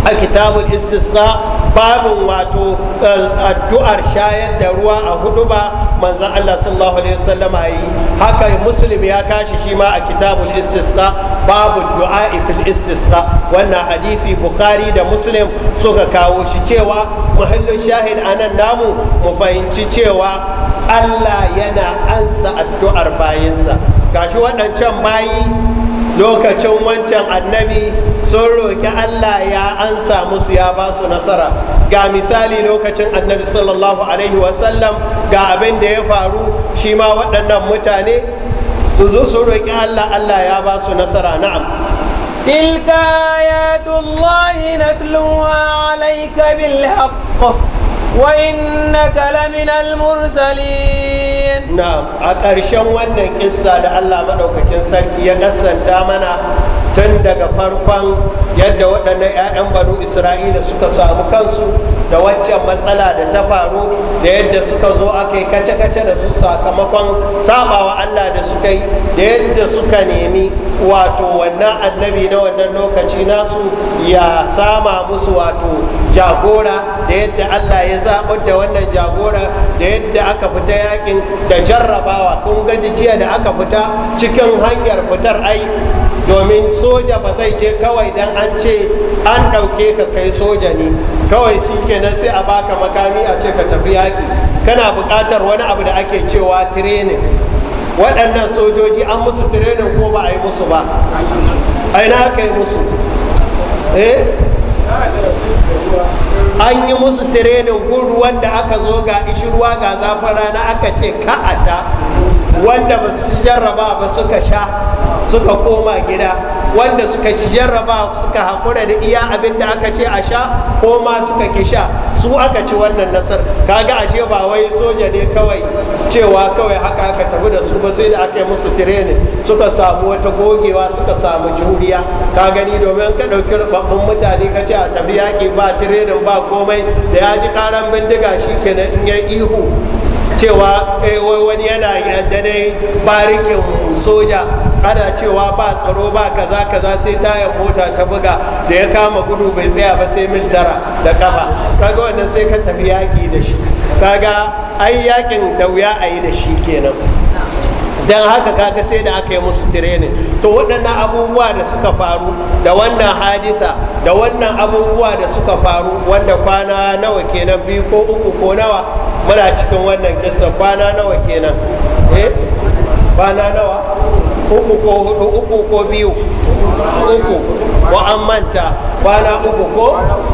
a kitabul istisqa babin wato eh, addu'ar shayar da ruwa a hudu ba manzan Allah sallallahu alaihi wasallam yi haka muslim ya kashi shi ma a kitabul istisqa babu du'a fil istisqa wannan hadisi bukhari da muslim suka kawo shi cewa muhallin shahid anan namu mu fahimci cewa Allah yana ansa addu'ar bayinsa gashi waɗancan bayi lokacin wancan annabi sun roƙi allah ya ansa musu ya ba su nasara ga misali lokacin annabi sallallahu alaihi wasallam ga abin da ya faru shi ma waɗannan mutane su zo su roƙi allah allah ya ba su nasara na'am تلك آيات الله نتلوها عليك بالحق وإنك لمن المرسلين A ƙarshen wannan kissa da Allah madaukakin sarki ya kasanta mana tun daga farkon yadda waɗannan 'ya'yan banu isra'ila suka samu kansu da wancan matsala da ta faru da yadda suka zo aka yi kace-kace da su sakamakon sabawa allah da suka yi da yadda suka nemi wato wannan annabi na wannan lokaci nasu ya sama musu wato jagora da yadda allah ya zaɓar da wannan jagora da yadda aka fita yakin da jarrabawa kun gaji jiya da aka fita cikin hanyar fitar ai domin soja ba zai je kawai dan an ce an ɗauke ka kai soja ne kawai shi kenan sai a baka makami a ce ka tafi yaƙi kana buƙatar wani abu da ake cewa training waɗannan sojoji an musu training ko ba a yi musu ba a ina aka yi musu eh an yi musu training gun wanda aka zo ga ishirwa ga zafin rana aka ce ka'ata wanda ba su ci jarraba ba suka sha suka koma gida wanda suka ci jarraba suka haƙura da iya abin da aka ce a sha ko ma suka ki sha su aka ci wannan nasar kaga ashe ba wai soja ne kawai cewa kawai haka aka tafi da su ba sai da aka yi musu tireni suka samu wata gogewa suka samu juriya ka gani domin ka ɗauki rubabbun mutane ka ce a tafi yaƙi ba tirenin ba komai da ya ji karan bindiga shi kenan in ya ihu cewa eh, wani yana dai barikin soja ana cewa ba tsaro ba kaza kaza sai taya mota ta buga da ya kama gudu bai tsaya ba sai mil tara da kafa kaga wannan sai ka tafi yaƙi da shi kaga ai yaƙin da wuya a da shi kenan dan haka kaga sai da aka yi musu training to waɗannan abubuwa da suka faru da wannan hadisa da wannan abubuwa da suka faru wanda kwana nawa kenan biyu ko uku ko nawa muna cikin wannan kisa kwana nawa kenan eh kwana nawa uku ko hudu uku ko biyu uku wa an manta kwana uku ko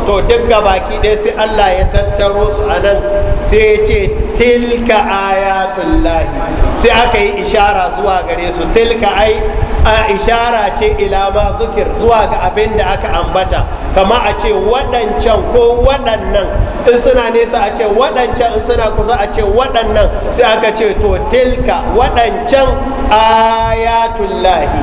to duk baki ɗaya sai Allah ya tattaro su a nan sai ya ce tilka ayatul lahi sai aka yi ishara zuwa gare su tilka ai a ishara ce ilama zukir zuwa ga abin da aka ambata kama a ce waɗancan ko waɗannan in suna nesa a ce waɗancan in suna kusa a ce waɗannan sai aka ce to tilka waɗancan ayatullahi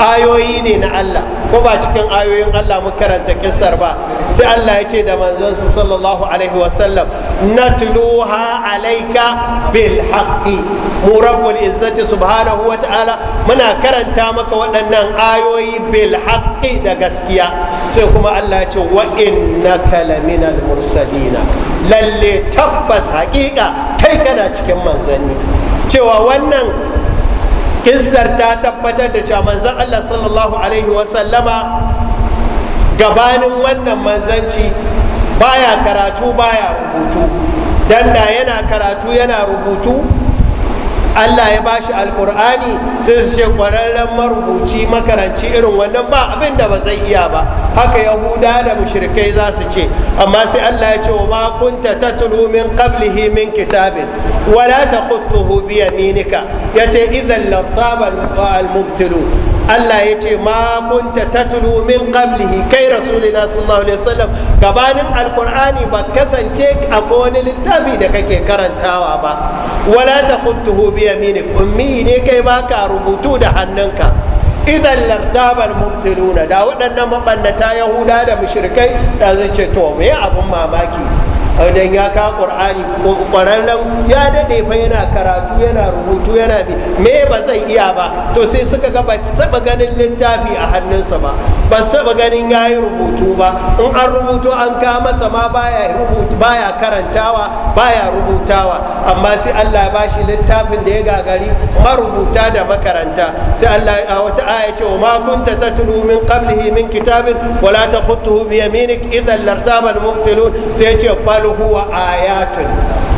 ayoyi ne na Allah ko ba cikin ayoyin Allah mu karanta kissar ba sai Allah ya ce da manzansa sallallahu alaihi wasallam natluha alaika bil haqqi mu rabbul izzati subhanahu wa ta'ala muna karanta maka waɗannan ayoyi bil haqqi da gaskiya sai kuma Allah ta'ala ce wa innaka laminal mursalina lalle tabbas haƙiƙa kai kana cikin manzanni cewa wannan kissar ta tabbatar da cewa manzan Allah sallallahu alaihi wasallama gabanin wannan manzanci baya karatu baya rubutu danda yana karatu yana rubutu allah ya bashi alkur'ani sai su ce kwararren marubuci makaranci irin wannan ba abin da ba zai iya ba haka yahuda da mushrikai za su ce amma sai allah ya ce wa ma kunta tatlu min qablihi min kitabin wala takhutuhu bi yaminika yace idan laftaba al-mubtilun Allah ya ce ma kunta tatlu min qablihi kai rasulina sallallahu alaihi wasallam gabanin alqur'ani ba kasance a wani littafi da kake karantawa ba wala takhutuhu bi yaminik ummi ne kai baka rubutu da hannunka idan lartabal mubtiluna da waɗannan mabannata yahuda da mushrikai da zai ce to me abun mamaki idan ya ka qur'ani ƙwararren ya dade fa yana karatu yana rubutu yana bi me ba zai iya ba to sai suka ga ba taba ganin littafi a hannunsa ba ba taba ganin yayi rubutu ba in an rubuto an ka masa ma baya rubutu baya karantawa baya rubutawa amma sai Allah ya bashi littafin da ya gagari marubuta da makaranta sai Allah a wata aya ce wa ma kunta tatlu min qablihi min kitabin wala takhutuhu bi yaminik idhan lartaba al-mubtilun sai ya ce bal huwa ayatun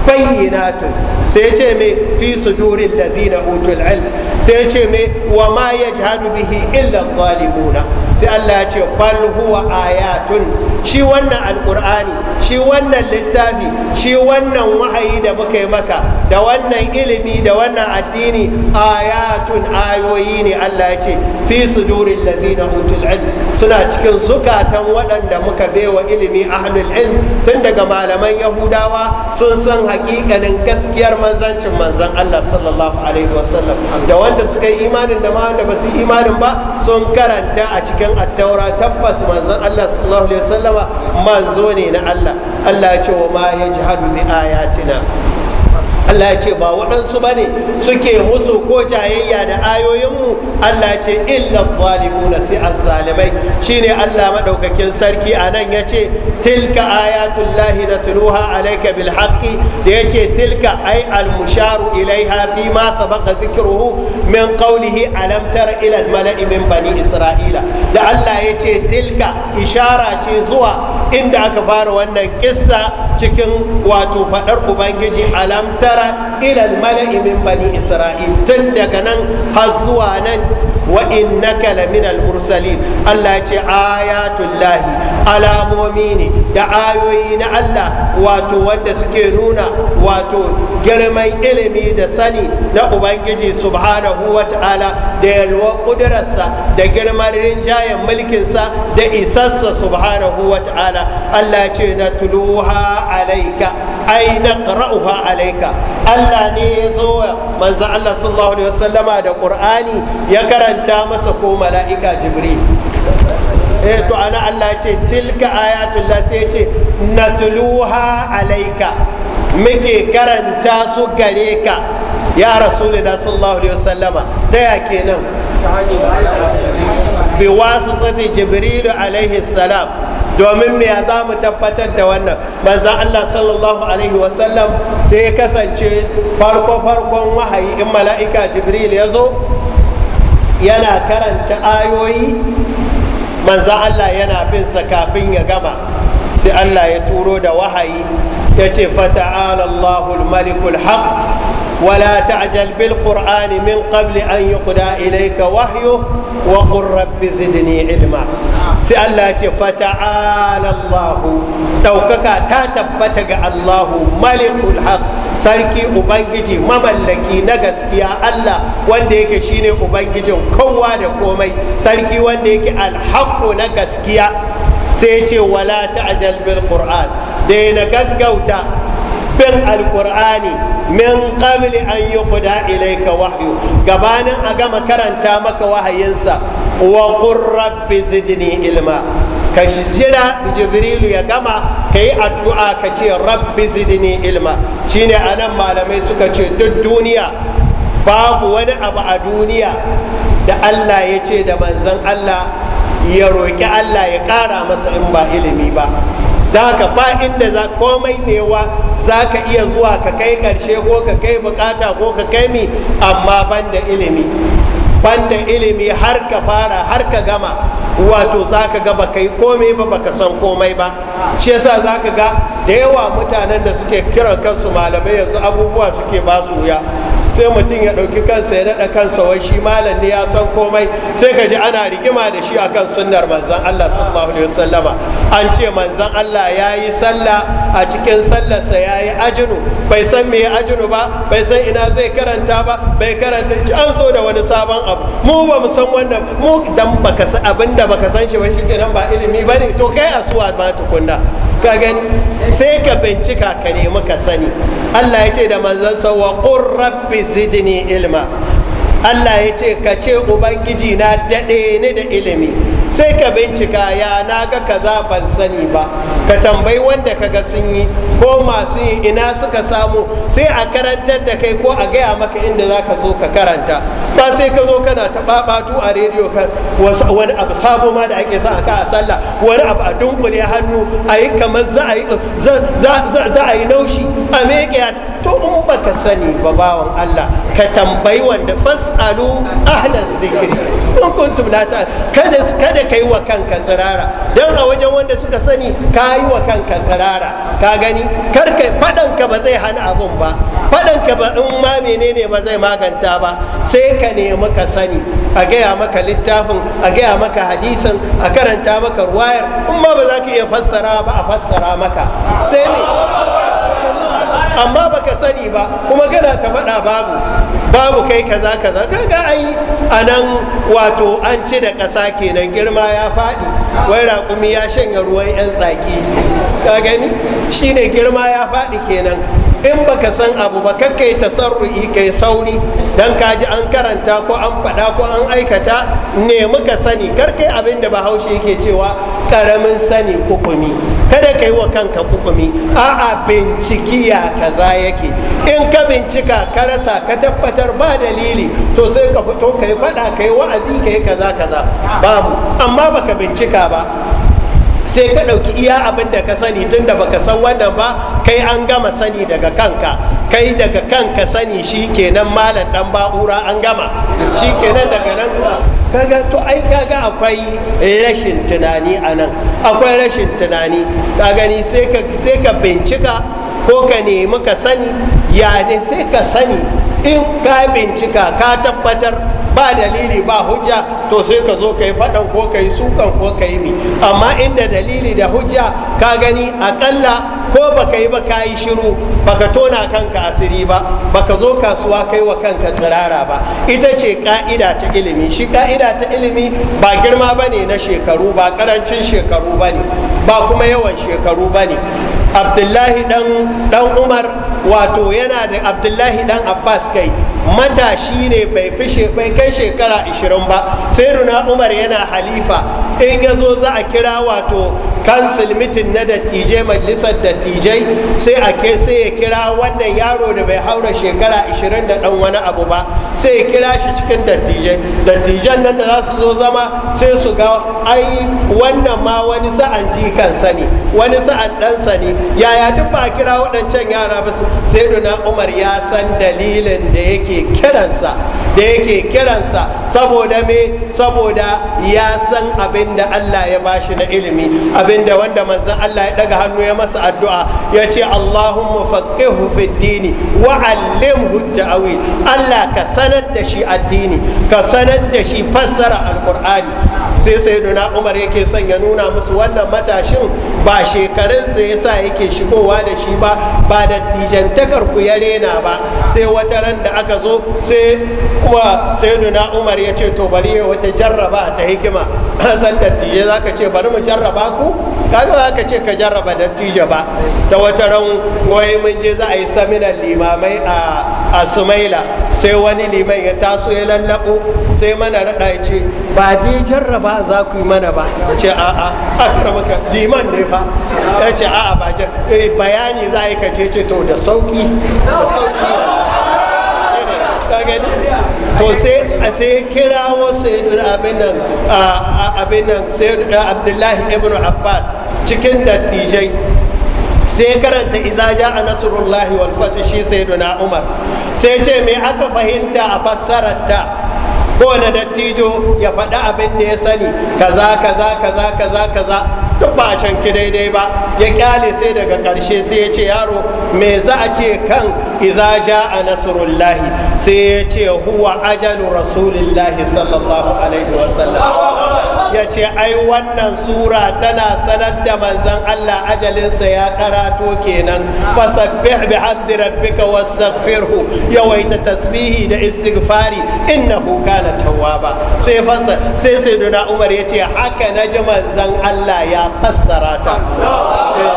bayyinatun sai ce me fi sudurin zina utul ilm sai ce me wa ma yajhadu bihi illa zalimuna sai Allah ya ce bal huwa ayatun shi wannan alkur'ani shi wannan littafi shi wannan wahayi da muka yi maka da wannan ilimi da wannan addini ayatun ayoyi ne Allah ya ce fi sudurin zina utul ilm suna cikin zukatan waɗanda muka baiwa ilimi ahlul ilm tun daga malaman yahudawa sun san hakikanin gaskiyar manzancin manzan Allah sallallahu alaihi wasallam da wanda suka yi imanin da ma wanda ba su imanin ba sun karanta a cikin attaura tabbas manzan Allah sallallahu alaihi wasallama manzo ne na Allah Allah ya ce wa ma yajhadu bi ayatina Allah ya ce ba waɗansu ba ne suke musu ko jayayya da ayoyinmu Allah ce illa zalimuna sai azzalimai shine Allah madaukakin sarki a nan ya ce tilka ayatul lahi tunuha alaika bil haqqi da ya ce tilka ay al musharu ilaiha fi ma sabaqa zikruhu min qawlihi alam tara ila al mala'i min bani isra'ila da Allah ya ce tilka ishara ce zuwa inda aka fara wannan kissa cikin wato faɗar ubangiji alam tara nasara ilal mala'i min bani isra'il tun daga nan har zuwa nan wa innaka laminal mursalin Allah ya ce ayatullahi alamomi ne da ayoyi na Allah wato wanda suke nuna wato girman ilimi da sani na Ubangiji subhanahu wa ta'ala da yalwar ƙudurarsa da girman rinjayen mulkinsa da isarsa subhanahu wa ta'ala Allah ce na tuluha alaika ai na alaika Allah ne ya zo manzan Allah sallallahu alaihi wasallama da ƙur'ani ya karanta karanta masa ko mala'ika jibri eh to ana Allah ce tilka ayatullah sai ce natluha alaika muke karanta su gare ka ya rasulina sallallahu alaihi wasallama ta ya kenan bi wasitati jibril alaihi salam domin me ya za tabbatar da wannan manzan Allah sallallahu alaihi wasallam sai ya kasance farko farkon wahayi in mala'ika jibril ya zo yana karanta ayoyi manzan Allah yana bin sa kafin ya gama sai Allah ya turo da wahayi ya ce fata'ala Allahul malikul haq ولا تعجل بالقرآن من قبل أن يقدى إليك وحيه وقل رب زدني علما سألاتي فتعالى الله توكك تاتبتك الله ملك الحق sarki ubangiji mamallaki na gaskiya Allah wanda yake shine ubangijin kowa da komai sarki wanda yake alhaƙo na gaskiya sai ya ce wala ta'jal bil qur'an da na gaggauta bin alkur'ani min qabli an yuqda ilayka wahyu gabanin a gama karanta maka wahayinsa wa qur rabbi zidni ilma ka jira jibrilu ya gama ka yi addu'a ka ce rabbi zidni ilma shine anan malamai suka ce duk duniya babu wani abu a duniya da allah ya ce da manzan allah ya roƙi allah ya ƙara masa in ba ilimi ba da haka ba inda za komai newa za ka iya zuwa ka kai karshe ko ka kai bukata ko ka kai mi amma banda ilimi banda ilimi har ka fara har ka gama wato za ka ga baka komai ba baka san komai ba shi yasa za ka ga da yawa mutanen da suke kiran kansu malamai yanzu abubuwa suke ba su wuya sai mutum ya ɗauki kansa ya daɗa kansa wai shi malam ne ya san komai sai ka ji ana rigima da shi akan sunnar manzan Allah sallallahu alaihi wasallama an ce manzan Allah ya yi sallah a cikin sallarsa ya yi ajinu bai san me ajinu ba bai san ina zai karanta ba bai karanta ci an zo da wani sabon abu mu ba mu san wannan mu dan baka san abin da baka san shi ba kenan ba ilimi bane to kai asuwa ba tukunna ka gani sai ka bincika ka nemi ka sani Allah ya ce da manzan sa wa qur rabbi zidni ilma Allah ya ce ka ce ubangiji na daɗe ni da ilimi sai ka bincika ya na ga kaza ban sani ba ka tambayi wanda ka ga sun yi ko masu yi ina suka samu sai a karantar da kai ko a gaya maka inda za ka zo ka karanta ba sai ka zo kana ta a rediyo ka wani abu sabo ma da ake sa ka a sallah wani abu a dunkule hannu a yi kamar za a yi naushi a miƙe. to in baka sani ba bawan Allah ka tambayi wanda fasalu ahlan zikri in kuntum la ta kada kada kai wa kanka tsirara dan a wajen wanda suka sani ka yi wa kanka tsirara ka gani kar kai fadan ka ba zai hana abun ba fadan ka ba in ma menene ba zai maganta ba sai ka nemi ka sani a gaya maka littafin a gaya maka hadisin a karanta maka ruwayar in ma ba za ka iya fassara ba a fassara maka sai ne amma baka sani ba kuma gana ta faɗa babu babu kai kaza kaza kaga ai a nan wato an ci da ƙasa kenan girma ya faɗi wai raƙumi ya shanya ruwan 'yan tsaki ka gani shine girma ya faɗi kenan in baka san abu ba kakkai tasarru'i kai sauri dan ka ji an karanta ko an faɗa ko an aikata nemi ka sani kar kai abin da bahaushe yake cewa karamin sani kukumi kada ka yi wa kanka kukumi a'a bincikiya kaza yake in ka bincika ka rasa ka tabbatar ba dalili to sai ka fito ka yi faɗa yi wa'azi ka yi kaza kaza babu amma baka bincika ba sai ka ɗauki iya abin da ka sani tun da baka san wannan ba kai an gama sani daga kanka kai daga kanka sani shi kenan malam ɗan ba'ura an gama shi kenan daga nan kaga to ai kaga akwai rashin tunani a nan akwai rashin tunani ka gani sai ka bincika ko ka nemi ka sani ya ne sai ka sani in ka bincika ka tabbatar ba dalili ba hujja to sai ka zo ka yi faɗan ko ka yi sukan ko ka yi mi amma inda dalili da hujja ka gani akalla ko baka yi ba ka yi shiru baka tona kanka asiri ba baka zo kasuwa kai wa kanka tsirara ba ita ce ka'ida ta ilimi shi ka'ida ta ilimi ba girma ba ne na shekaru ba karancin shekaru ba ne ba kuma yawan shekaru ba ne abdullahi dan umar wato yana da abdullahi dan abbas kai matashi ne bai kai shekara 20 ba sai runa umar yana halifa in ya zo za a kira wato kansil mitin na dattijai majalisar dattijai sai a ke sai ya kira wannan yaro da bai haura shekara 20 da dan wani abu ba sai ya kira shi cikin dattijai dattijan nan da za su zo zama sai su ga ai wannan ma wani sa'an kansa ne wani sa'an ɗansa ne yaya duk ba kira waɗancan yara ba sai duna umar ya san dalilin da yake kiransa da yake kiransa saboda me saboda ya san abin da allah ya bashi na ilimi abin abinda wanda manzan Allah ya daga hannu ya masa addu'a ya ce Allahumma faqihu fid dini wa allimhu Allah ka sanar da shi addini ka sanar da shi fassara alqur'ani sai sayyiduna umar yake son ya nuna musu wannan matashin ba shekarunsa ya sa yake shigowa da shi ba ba da tijantakar ku ya rena ba sai wata ran da aka zo sai kuma sayyiduna umar ya ce to bari ya wata jarraba ta hikima <laughs> san dattije za ka ce bari mu jarraba ku kaga za ka ce ka jarraba dattijo ba ta wata ran wai mun je za a yi saminan limamai a sumaila sai wani liman ya taso ya lallabo sai mana raɗa ya ce ba dai jarraba ba za ku yi mana ba ya ce a a aka maka liman ne ba ya ce a a ba ce eh, bayani za a yi kace ce to da sauki da sauki to sai sai kira wasu abin nan abin nan sai eh, abdullahi ibn abbas cikin dattijai sai karanta izaja a nasrullahi wal fath shi sayyiduna umar sai ce mai aka fahimta a fassararta ta kowane dattijo ya faɗi abin da ya sani kaza kaza kaza kaza kaza duk ba can ki daidai ba ya kyale sai daga ƙarshe sai ya ce yaro me za a ce kan iza ja a nasarullahi sai ya ce huwa ajalu rasulullahi sallallahu alaihi wasallam ya ce ai wannan sura tana sanar da manzan Allah ajalinsa ya karato kenan fasabbih bihamdi rabbika wastaghfirhu yawaita tasbihi da istighfari innahu kana tawwaba sai fansa sai sayyidina Umar ya ce haka ji manzan Allah ya fassara ta eh,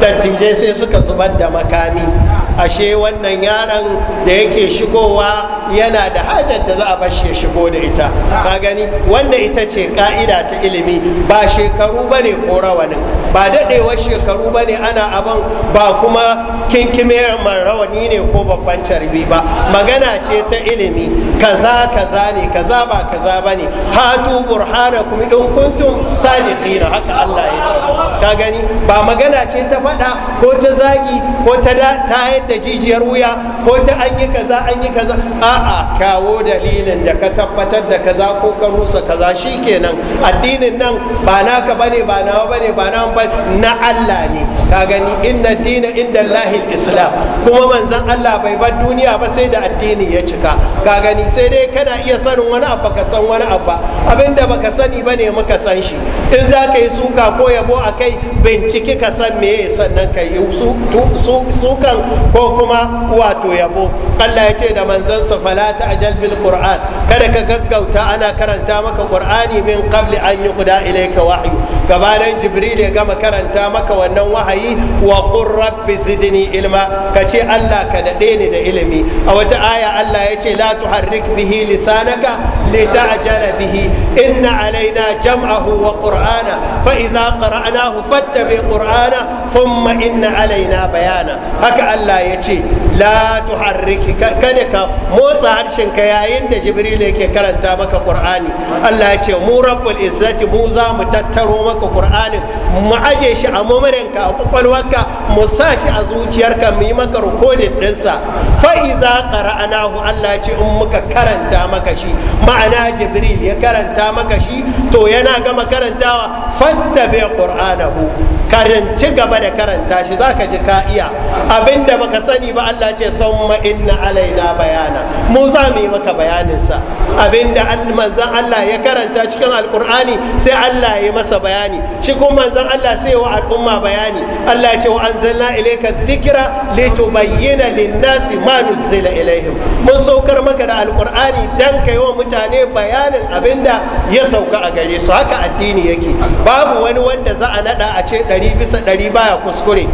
dattijai sai suka zubar da makami ashe wannan yaron da yake shigowa yana da hajar da za a bashi ya shigo da ita ka gani wanda ita ce ka'ida ta ilimi ba shekaru ba ne ko rawanin ba daɗewar shekaru ba ne ana abin ba kuma kinkimiyar man rawani ne ko babban carbi ba magana ce ta ilimi kaza kaza ne kaza ba kaza ba ne hatu burhara kuma kuntun kuntum sadiqina haka Allah ya ce ka gani ba magana ce ta faɗa ko ta zagi ko ta tayar tayar da jijiyar wuya ko ta an yi kaza an yi kaza a'a kawo dalilin da ka tabbatar da kaza ko ka rusa kaza kenan. addinin nan ba naka bane ba nawa bane ba nan ba na Allah ne ka gani inna dina inda Allahil Islam kuma manzon Allah bai bar duniya ba sai da addini ya cika ka gani sai dai kana iya sanin wani abu ka san wani abu abinda baka sani bane muka san shi in za ka yi suka ko yabo a kai binciki ka san meye sannan ka yi sukan ko kuma wato yabo Allah ya ce da manzansa fala ta'jal bil qur'an kada ka gaggauta ana karanta maka qur'ani min qabli an yuqda ilayka wahyu gabanin jibril ya gama karanta maka wannan wahayi wa qur rabbi zidni ilma kace Allah ka dade ni da ilimi a wata aya Allah ya ce la tuharrik bihi lisanaka lita'jala bihi inna alaina jam'ahu wa qur'ana fa idza qara'nahu fattabi qur'ana thumma inna alaina bayana haka Allah ya ce la tuharriki kada ka motsa harshen ka yayin da jibril yake karanta maka qur'ani Allah ya ce mu rabbul izzati mu za mu tattaro maka qur'ani mu aje shi a mamarinka a kwakwalwarka mu sa shi a zuciyarka mu yi maka rikodin dinsa fa iza qara'nahu Allah ya ce in muka karanta maka shi ma'ana jibril ya karanta maka shi to yana gama karantawa fattabi qur'anahu karanci gaba da karanta shi zaka ji ka iya abinda baka sani ba Allah Allah ce thumma inna alaina bayana mu za mu yi maka bayaninsa abinda manzan Allah ya karanta cikin alkur'ani sai Allah ya masa bayani shi kuma manzan Allah sai wa al'umma bayani Allah ce wa anzalna ilayka dhikra litubayyana lin-nasi ma nuzila ilaihim mun saukar maka da alkur'ani dan kai wa mutane bayanin abinda ya sauka a gare su haka addini yake babu wani wanda za a nada a ce 100 bisa 100 baya kuskure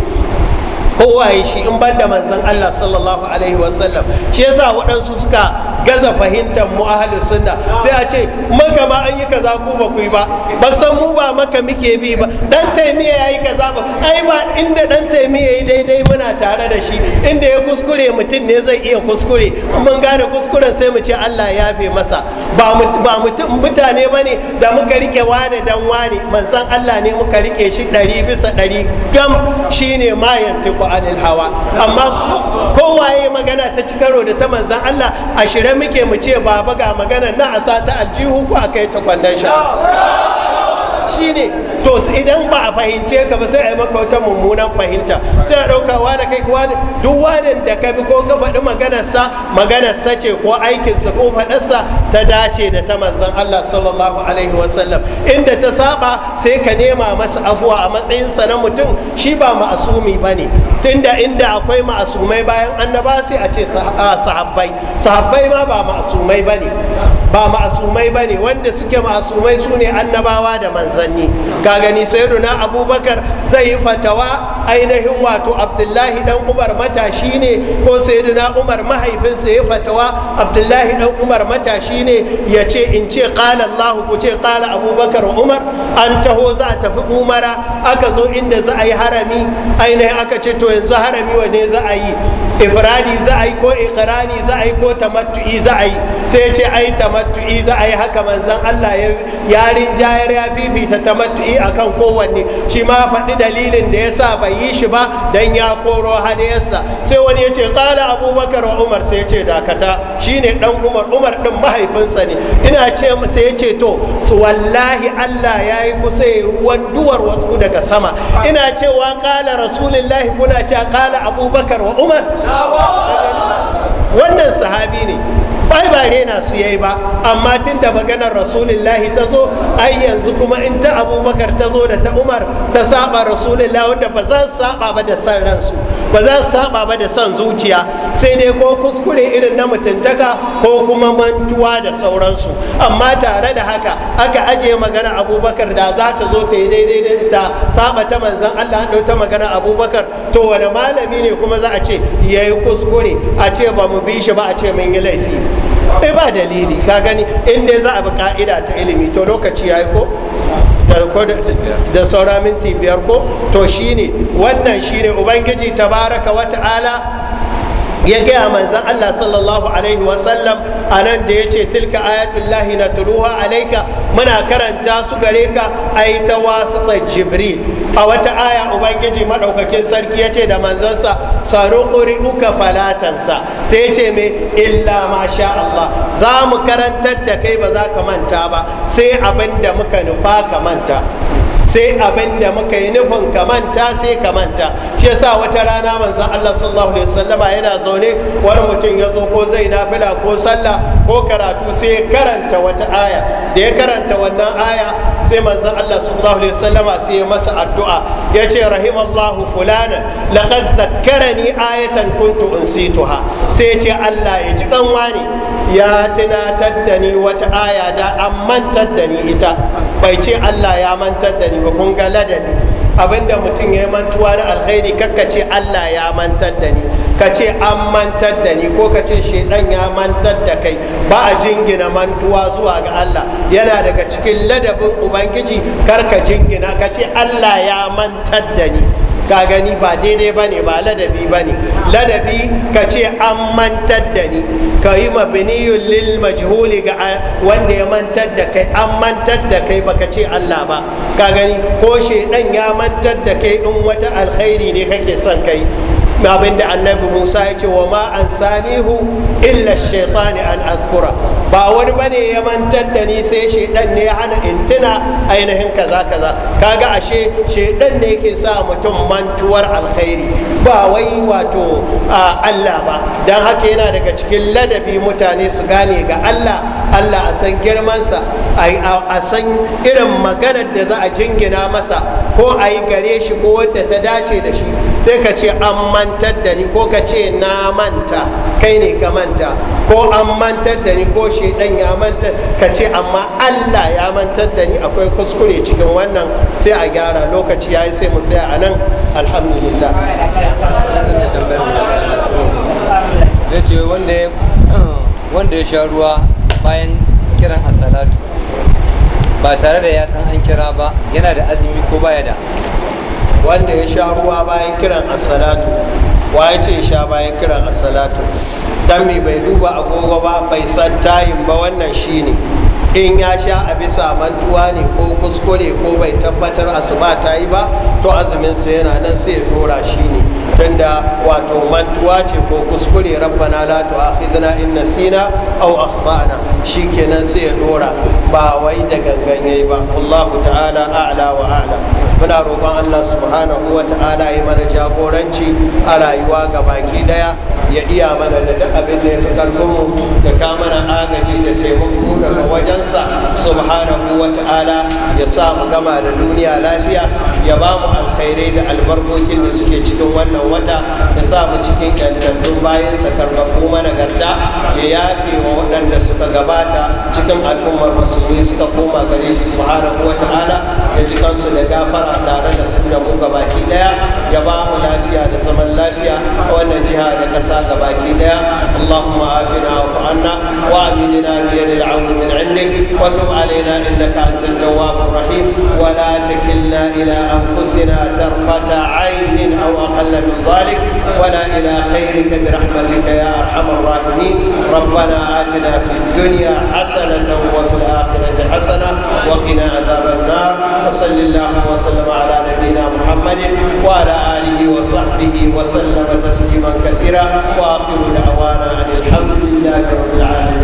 kowaye shi in ban da manzan Allah sallallahu alaihi wasallam shi yasa waɗansu suka gaza fahimtar mu ahalin sunna sai a ce maka ma an yi kaza ku ba ku yi ba ba san mu ba maka muke bi ba dan taimiya yayi kaza ba ai ba inda dan taimiya yayi daidai muna tare da shi inda ya kuskure mutum ne zai iya kuskure mun gane kuskuren sai mu ce Allah ya yafe masa ba mutum mutane bane da muka rike wane dan wane manzon Allah ne muka rike shi ɗari bisa ɗari gam shine ma tuku anil hawa amma kowaye magana ta ci karo da ta manzon Allah a ashirin muke mu ce baba ga magana na a sa ta aljihu ko a kai ta kwandon sha ne to idan ba a fahimce ka ba sai a yi maka wata mummunan fahimta sai a ɗauka wane kai duk wanin da ka bi ko ka faɗi maganarsa maganarsa ce ko aikinsa ko faɗarsa ta dace da ta manzan Allah sallallahu alaihi wasallam inda ta saba sai ka nema masa afuwa a matsayinsa na mutum shi ba ma'asumi ba ne tunda inda akwai ma'asumai bayan annaba sai a ce sahabbai sahabbai ma ba ma'asumai ba ne ba ma'asumai ba ne wanda suke ma'asumai su ne annabawa da manzanni ga gani sayyiduna abubakar zai yi fatawa ainihin wato abdullahi dan umar matashi ne ko sayyidina umar mahaifinsa ya fatawa abdullahi dan umar matashi ne ya ce in ce qala allah ku ce qala abubakar umar an taho za a tafi umara aka zo inda za a yi harami ainihin aka ce to yanzu harami wane za a yi ifradi za a yi ko iqrani za a yi ko tamattu'i za a yi sai ce ai tamattu'i za a yi haka manzon Allah ya yarin jayar ya fifita tamattu'i akan kowanne shi ma faɗi dalilin da yasa bai yi shi ba dan ya koro hadiyarsa sai wani ya ce kala abubakar wa umar sai ya ce dakata shine dan umar umar din mahaifinsa ne ina ce sai ya ce to wallahi allah ya yi kusa ruwan duwar wasu daga sama ina cewa kala rasulullahi kuna ce kala abubakar wa umar wannan sahabi ne ai ba rena su yayi ba amma tun maganar rasulullahi ta zo ai yanzu kuma in ta abubakar ta zo da ta umar ta saba rasulullahi wanda ba za su saba ba da san ransu ba za su saba ba da san zuciya sai dai ko kuskure irin na mutuntaka ko kuma mantuwa da sauransu amma tare da haka aka ajiye magana abubakar da za ta zo ta yi daidai da ta saba ta manzan allah an ta magana abubakar to wani malami ne kuma za a ce yayi kuskure a ce ba mu bi shi ba a ce mun yi laifi E ba dalili ka gani in dai za a bi ka'ida ta ilimi to lokaci ya yi ko da saura minti biyar ko to shine wannan shine ubangiji tabaraka wata'ala ya gaya manzan Allah sallallahu alaihi wasallam a nan da ya ce tilka ayatullahi na tuluha alaika muna karanta su gare ka ai ta wasita jibril a wata aya ubangiji maɗaukakin sarki ya ce da manzansa sanu ƙuri'uka falatansa sai ya ce me, illa masha Allah za mu karantar da kai ba za ka manta ba sai abin da muka nufa ka manta sai abin da muka yi nufin kamanta sai kamanta shi yasa wata rana manzan Allah sallallahu alaihi wasallama yana zaune wani mutum ya zo ko zai nafila ko sallah ko karatu sai ya karanta wata aya da ya karanta wannan aya sai manzan Allah sallallahu alaihi wasallama sai ya masa addu'a ya ce rahimallahu fulanan laqad zakkarani ayatan kuntu unsituha sai ya ce Allah ya ji dan ne ya tunatar da ni wata aya da an mantar da ni ita bai ce Allah ya mantar da ni ba kun ga ladabi abinda mutum ya mantuwa na alkhairi kakka ce Allah ya mantar da ni ka ce an mantar da ni ko ka ce shedan ya mantar da kai ba a jingina mantuwa zuwa ga Allah yana daga cikin ladabin ubangiji kar ka jingina ka ce Allah ya mantar da ni ka gani ba daidai ba ne ba ladabi ba ne ladabi ka ce an mantar da ni ka yi mabiniyun lil majhuli ga wanda ya mantar da kai an mantar da kai baka ce Allah ba ka gani ko shedan ya mantar da kai in wata alkhairi ne kake son kai abin da annabi musa ya ce wa ma an sanihu illa shaitani an azkura ba wani bane ya mantar da ni sai shaidan ne hana intina ainihin kaza kaza kaga ashe shaidan ne yake sa mutum mantuwar alkhairi ba wai wato allah ba don haka yana daga cikin ladabi mutane su gane ga allah allah a san girmansa a san irin maganar da za a jingina masa ko a yi gare shi ko wadda ta dace da shi sai ka ce an mantar da ni ko ka ce na manta kai ne ka manta ko an mantar da ni ko shaidan ya mantar ka ce amma allah ya mantar da ni akwai kuskure cikin wannan sai a gyara lokaci ya yi sai mu tsaya a nan alhamdulillah ya ce wanda ya <clears throat> sha ruwa bayan kiran asalatu ba tare da ya san an kira ba yana da azumi ko baya da wanda ya sha ruwa bayan kiran assalatu wa ya ce ya sha bayan kiran assalatu dan mai bai duba agogo ba bai san tayin ba wannan shine in ya sha a bisa mantuwa ne ko kuskure ko bai tabbatar asuba ta yi ba to azumin sa yana nan sai ya dora shi ne tunda wato mantuwa ce ko kuskure rabbana la tu'akhidna in nasina aw akhtana shikenan sai ya dora ba wai da gangan yayi ba Allahu ta'ala a'la wa a'lam muna roƙon allah subhanahu wa ta'ala ya mana jagoranci a rayuwa ga baki daya ya iya mana da duk abin da ya fi ƙarfinmu da ka mana agaji da taimako daga wajensa subhanahu wa ta'ala ya sa mu gama da duniya lafiya ya ba mu alkhairai da albarkokin da suke cikin wannan wata ya sa mu cikin ƙyantattun bayansa karɓaɓɓu managarta ya yafe wa waɗanda suka gabata cikin al'ummar musulmi suka koma gare shi subhanahu wa ta'ala ya ji kansu da gafara tare da su da mu gabaki daya ya ba mu lafiya da zaman lafiya a wannan اللهم عافنا وفعنا وامننا بيد العون من عندك وتب علينا انك انت التواب الرحيم ولا تكلنا الى انفسنا ترفة عين او اقل من ذلك ولا الى خيرك برحمتك يا ارحم الراحمين ربنا اتنا في الدنيا حسنه وفي الاخره حسنه وقنا عذاب النار وصل اللهم وسلم على نبينا محمد وعلى آله وصحبه وسلم تسليما كثيرا وآخر دعوانا أن الحمد لله رب العالمين